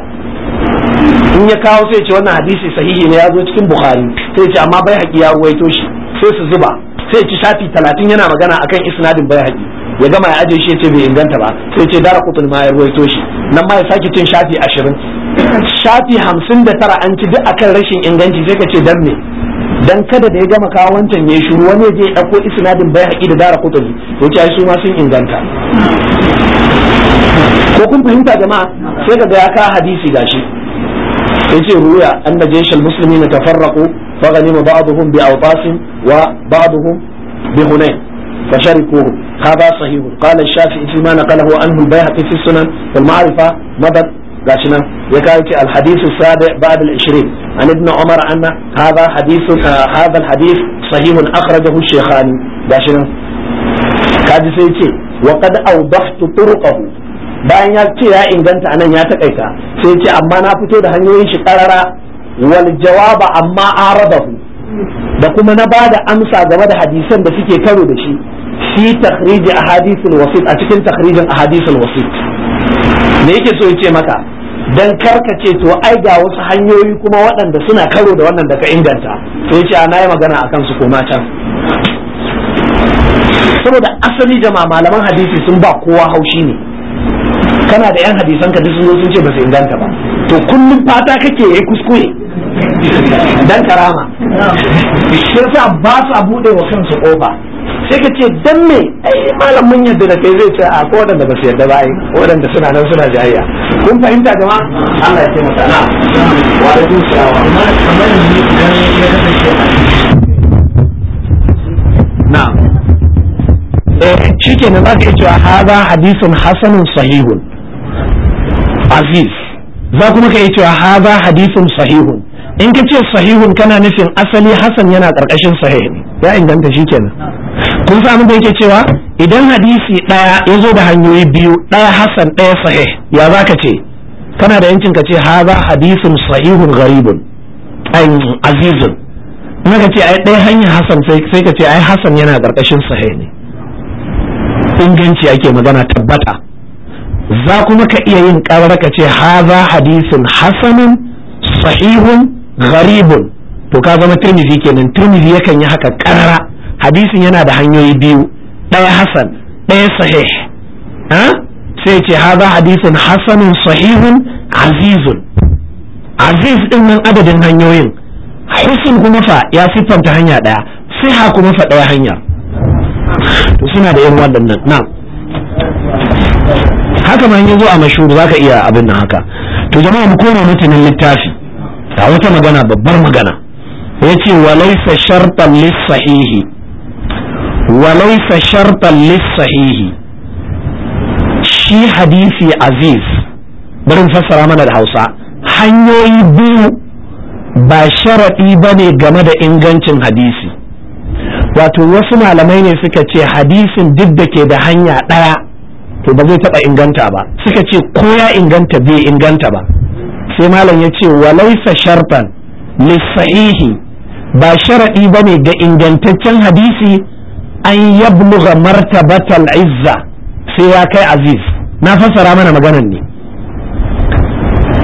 in ya kawo sai ce wannan hadisi sahihi ne ya zo cikin bukhari sai ce amma bai haƙi ya ruwaito shi sai su zuba sai ci shafi talatin yana magana akan isnadin bai haƙi ya gama ya ajiye shi ya ce bai inganta ba sai ce dara kutun ma ya ruwaito shi nan ma ya sake cin shafi ashirin shafi hamsin da tara an ci duk akan rashin inganci sai ka ce dan me dan kada da ya gama kawo wancan ya shiru wani je ya dauko isnadin bai haƙi da dara kutubi to ce ai su ma sun inganta ko kun fahimta jama'a sai ka ga ya ka hadisi gashi yace ruya anna jayshal muslimina tafarraqu fa ghanima ba'dhum bi awtasin wa ba'dhum bi hunain فشركوه هذا صحيح قال الشافعي فيما نقله عنه البيهقي في السنن والمعرفة مضت gashi nan ya kawo ce alhadisu sabi ba'd al-20 an ibn umar anna ah, hadha al-hadith sahihun akhrajahu shaykhani gashi nan kaji sai ce wa qad awdahtu turqahu bayan ya ce ya inganta anan ya takaita sai ce amma na fito da hanyoyin shi karara wal jawaba amma aradahu da kuma na ba da amsa game da hadisan da suke karo da shi fi a ahadithul wasit a cikin takhrijin ahadithul wasit me yake so ce maka dan karka ce to ai ga wasu hanyoyi kuma waɗanda suna karo da wannan da ka inganta to yace na yi magana akan su koma can saboda asali jama'a malaman hadisi sun ba kowa haushi ne kana da yan hadisan ka duk sun zo sun ce ba su inganta ba to kullum fata kake yayi kuskure dan karama sai sa ba su bude wa kansu kofa sai ka ce dan me ai malam mun yarda da kai zai ce a ko wadanda ba su yarda ba ai wadanda suna nan suna jayayya kun fahimta jama'a Allah ya ce maka na wa da salam amma kamar ne idan ya Na. Eh, shi ke nan za ka cewa haza hadisun hasanun sahihun aziz za kuma ka yi cewa haza hadisun sahihun in ka ce sahihun kana nufin asali hasan yana karkashin sahih ya inganta shikenan kun sa abin da yake cewa idan hadisi ɗaya ya zo da hanyoyi biyu ɗaya hasan ɗaya sahih ya za ka ce kana da yancin ka ce haza hadisin sahihun gharibun azizun in ka ce ai ɗaya hanyar hasan sai ka ce ai hasan yana ƙarƙashin sahih ne inganci ake magana tabbata za kuma ka iya yin ƙarar ka ce haza hadisin hasanun sahihun gharibun to ka zama turmizi kenan turmizi yakan yi haka ƙarara hadisin yana da hanyoyi biyu ɗaya hasan ɗaya sahih sai ce haza hadisin hasanun sahihun azizun aziz ɗin nan adadin hanyoyin husun kuma fa ya siffanta hanya ɗaya siha kuma fa ɗaya hanya to suna da yan waɗannan na haka ma yanzu a mashuru zaka iya abin nan haka to jama'a mu koma mutanen littafi ta wata magana babbar magana Ya ce walaisa shartan lissahihi sahihi walaisa shartan lissahihi shi hadisi aziz barin fassara mana da hausa hanyoyi biyu ba sharaɗi ba ne game da ingancin hadisi wato wasu malamai ne suka ce hadisin duk da ke da hanya ɗaya to ba zai taɓa inganta ba suka ce ko ya inganta bai inganta ba sai malam ya ce walaisa shartan lissahihi ba sharaɗi ba ne ga ingantaccen hadisi an yabluga martabatal izza sai ya kai aziz na fassara mana maganan ne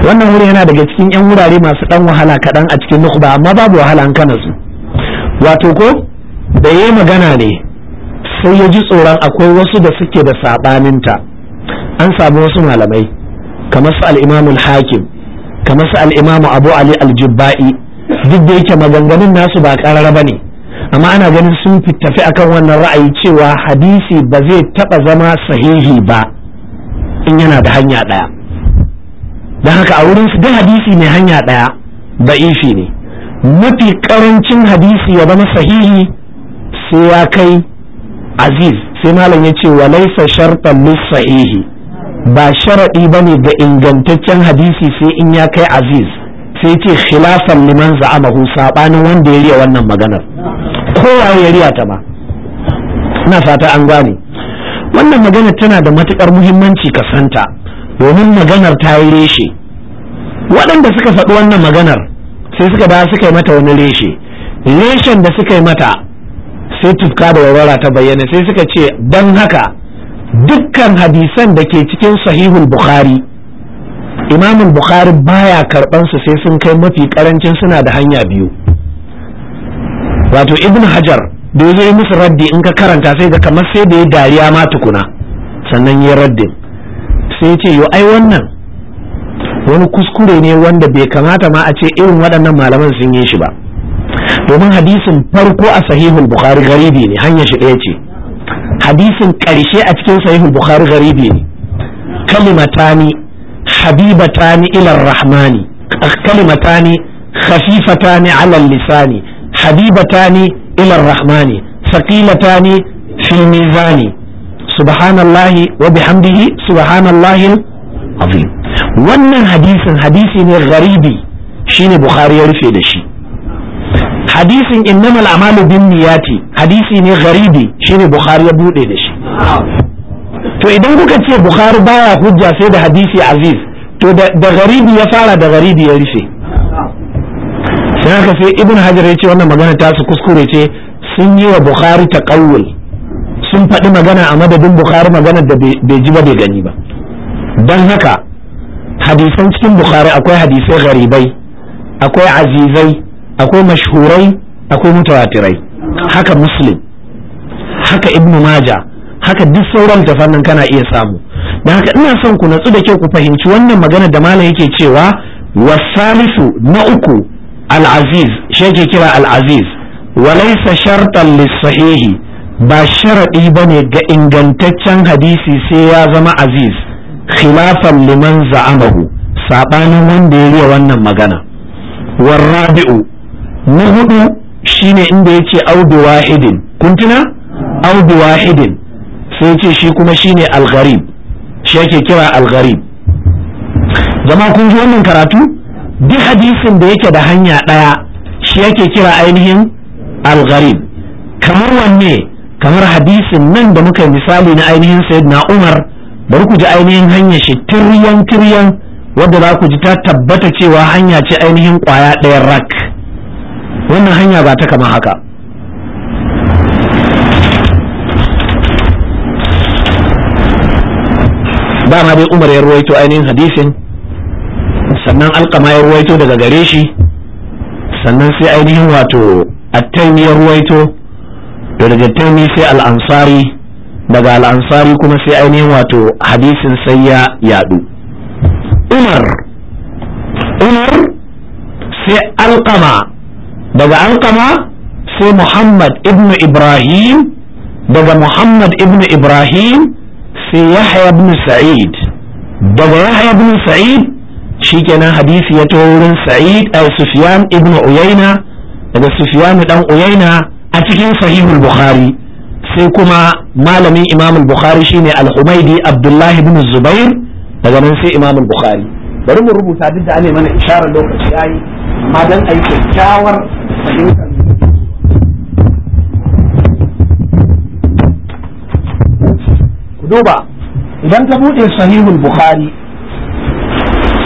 wannan wuri yana daga cikin yan wurare masu dan wahala kaɗan a cikin nukuba amma babu wahala an kana su wato ko da yayi magana ne sai ya ji tsoron akwai wasu da suke da saɓaninta an samu wasu malamai kamar su al'imamul hakim kamar su al'imamu abu ali aljibba'i duk da yake maganganun nasu ba ƙarara ba ne amma ana ganin sun tafi akan wannan ra'ayi cewa hadisi ba zai taba zama sahihi ba in yana da hanya ɗaya don haka a wurin su duk hadisi mai hanya ɗaya da ifi ne mafi karancin hadisi ya zama sahihi sai ya kai aziz sai malam ya ce walaisa shartan lis sahihi ba sharaɗi ba ne ga ingantaccen hadisi sai in ya kai aziz sai ce khilafan liman za'amahu sabanin wanda ya riya wannan maganar kowaye ya riya ta ma ina fata an gane wannan maganar tana da matukar muhimmanci ka santa domin maganar ta yi reshe waɗanda suka faɗi wannan maganar sai suka da suka yi mata wani reshe reshen da suka yi mata sai tufka da warwara ta bayyana sai suka ce don haka dukkan hadisan da ke cikin sahihul bukhari imamul bukhari baya karɓansu sai sun kai mafi karancin suna da hanya biyu wato ibn hajar da ya yi musu raddi in ka karanta sai ga kamar sai da ya dariya ma tukuna sannan ya raddin sai ce yo ai wannan wani kuskure ne wanda bai kamata ma a ce irin waɗannan malaman sun yi shi ba domin hadisin farko a sahihul bukhari garibi ne hanyar shi ɗaya ce hadisin ƙarshe a cikin sahihul bukhari garibi ne kalimatani habibatani ilar rahmani kalimatani khafifatani alal lisani habibatani ila rahmani saqilatani fil mizani subhanallahi wa bihamdihi subhanallahi azim wannan hadisin hadisi ne gharibi shine bukhari ya rufe da shi hadisin innamal amalu bin niyati hadisi ne garibi shine bukhari ya bude da shi to idan kuka ce bukhari baya hujja sai da hadisi aziz to da garibi ya fara da garibi ya rufe don haka sai ibn hajar ya ce wannan magana ta su kuskure ce sun yi wa bukhari ta taqawul sun faɗi magana a madadin bukhari magana da bai ji ba bai gani ba Dan haka hadisan cikin bukhari akwai hadisai garibai akwai azizai akwai mashhurai akwai mutawatirai haka muslim haka ibn maja haka duk sauran fannin kana iya samu dan haka ina son ku natsu da kyau ku fahimci wannan magana da malam yake cewa wasalisu na uku al'aziz aziz shi yake kira al'aziz aziz walaysa shartan ba sharaɗi ba sharadi bane ga ingantaccen hadisi sai ya zama aziz khilafan liman za'amahu sabanin wanda ya riya wannan magana warrabi'u na hudu shine inda yace audu wahidin kuntuna audu wahidin sai ce shi kuma shine al-gharib shi yake kira al-gharib zama kun ji wannan karatu duk hadisin da yake da hanya ɗaya shi yake kira ainihin al-gharib kamar wanne kamar hadisin nan da muka misali na ainihin sayyidina umar bari ku ji ainihin hanya shi tiryan tiryan wadda za ku ji ta tabbata cewa hanya ce ainihin kwaya ɗayan rak wannan hanya ba ta kama haka dama dai umar ya ruwaito ainihin hadisin sannan alkama ya ruwaito daga gare shi sannan sai ainihin wato attaimi ya ruwaito to daga taimi sai al'ansari daga al'ansari kuma sai ainihin wato hadisin sai ya yadu umar umar sai alkama daga alkama sai muhammad ibnu ibrahim daga muhammad ibnu ibrahim sai yahya ibn sa'id daga yahya ibn sa'id shikenan hadisi ya taho wurin sa'id al sufyan ibn uyayna daga sufyan dan uyayna a cikin sahihul bukhari sai kuma malamin imam bukhari shine al Abdullahi abdullah ibn zubair daga nan sai imam bukhari bari mu rubuta duk da ane mana isharar lokaci yayi amma dan ayi kyakkyawar fahimtar duba idan ta bude sahihul bukhari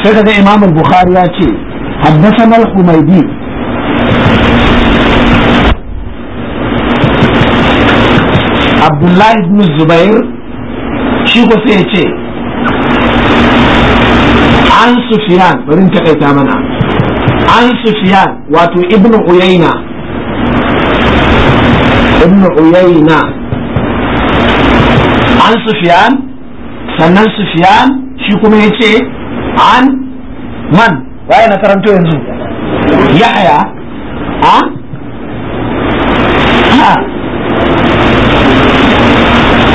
sai kaga imam al-bukhari ya ce haddathana al-humaydi abdullahi ibn zubair shi ko sai ya ce an sufyan bari ta kaita mana an sufyan wato ibn uyayna ibn uyayna an sufyan sannan sufyan shi kuma ya ce an man waye na karanto yanzu yahya ha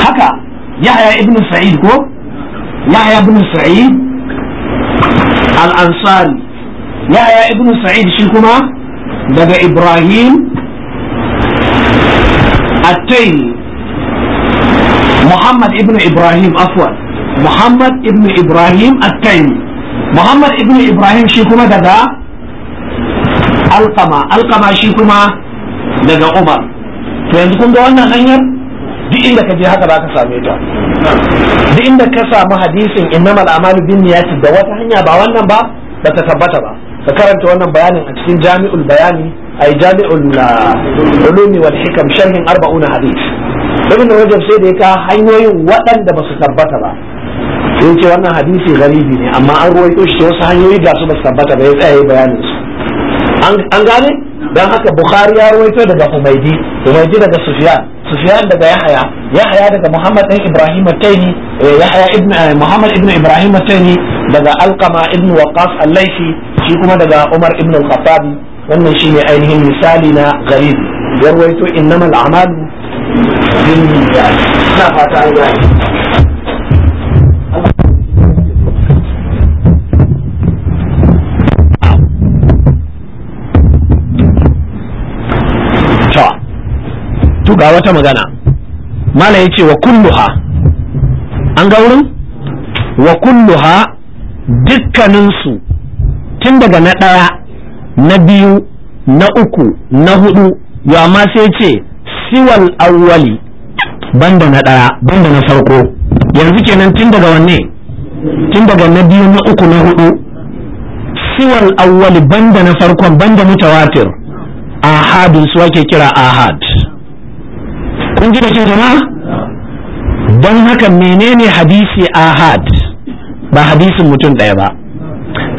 haka yahya ibn sa'id ko yahya ibn sa'id al-ansari yahya ibn sa'id shi kuma daga ibrahim التيمي محمد ابن ابراهيم عفوا محمد ابن ابراهيم التيمي muhammad ibn ibrahim shi kuma daga alkama alkama shi kuma daga umar to yanzu kun ga wannan hanyar duk inda ka je haka ba ka same ta duk inda ka samu hadisin innamal amalu bin niyati da wata hanya ba wannan ba ba ta tabbata ba ka karanta wannan bayanin a cikin jami'ul bayani ay jami'ul ah, ulumi wal hikam sharhin arba'una hadis ibn rajab sai da ya ka hanyoyin waɗanda ba su tabbata ba sai ce wannan hadisi garibi ne amma an ruwaito shi wasu hanyoyi ga su ba tabbata ba ya tsaya bayanin su an gane dan haka bukhari ya ruwaito daga humaidi humaidi daga sufyan sufyan daga yahaya yahaya daga eh, eh, muhammad ibn ibrahim at-taini yahaya ibn muhammad ibn ibrahim at-taini daga alqama ibn waqas al-laifi shi kuma daga umar ibn al-khattab wannan shine ainihin misali na garibi ya ruwaito innamal a'malu bin niyyat na fata an gane to ga wata magana malam yace wa kulluha an ga wurin wa kulluha dukkaninsu tun daga na ɗaya na biyu na uku na hudu ya ma sai ce siwal awwali banda na ɗaya banda na farko yanzu kenan tun daga wanne tun daga na biyu na uku na hudu siwal awwali banda na farkon banda mutawatir ahadin su ake kira ahad kun ji da shi jama'a don haka menene hadisi ahad ba hadisin mutum ɗaya ba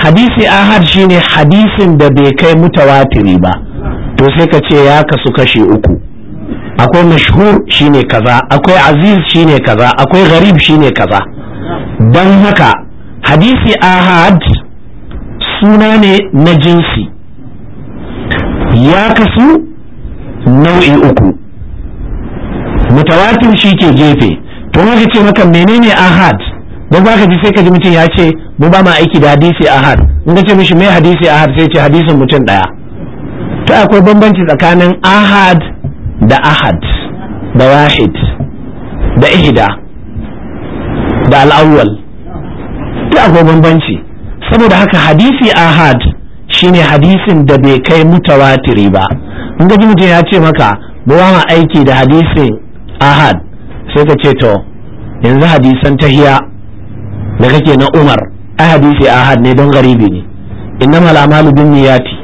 hadisi ahad shine hadisin da bai kai mutawatiri ba to sai ka ce ya kasu kashe uku akwai mashhur shine kaza akwai aziz shine kaza akwai gharib shine kaza don haka hadisi ahad suna ne na jinsi ya kasu nau'i uku mutawatir shi ke gefe to muka ce maka menene ahad don ba ka ji sai ka ji mutum ya ce mu ba ma aiki da hadisi ahad in ka ce mishi mai hadisi ahad sai ce hadisin mutum daya to akwai bambanci tsakanin ahad da ahad da wahid da ihida da al'awwal to akwai bambanci saboda haka hadisi ahad shine hadisin da bai kai mutawatiri ba in ji mutum ya ce maka mu ba ma aiki da hadisin ahad sai ka ce to yanzu hadisan tahiya da kake na umar ahadisi hadisi ahad ne don garibi ne inna amalu bin niyati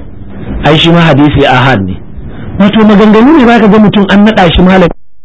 ai shi ma hadisi ahad ne wato maganganu ne baka ga mutum an naɗa shi malami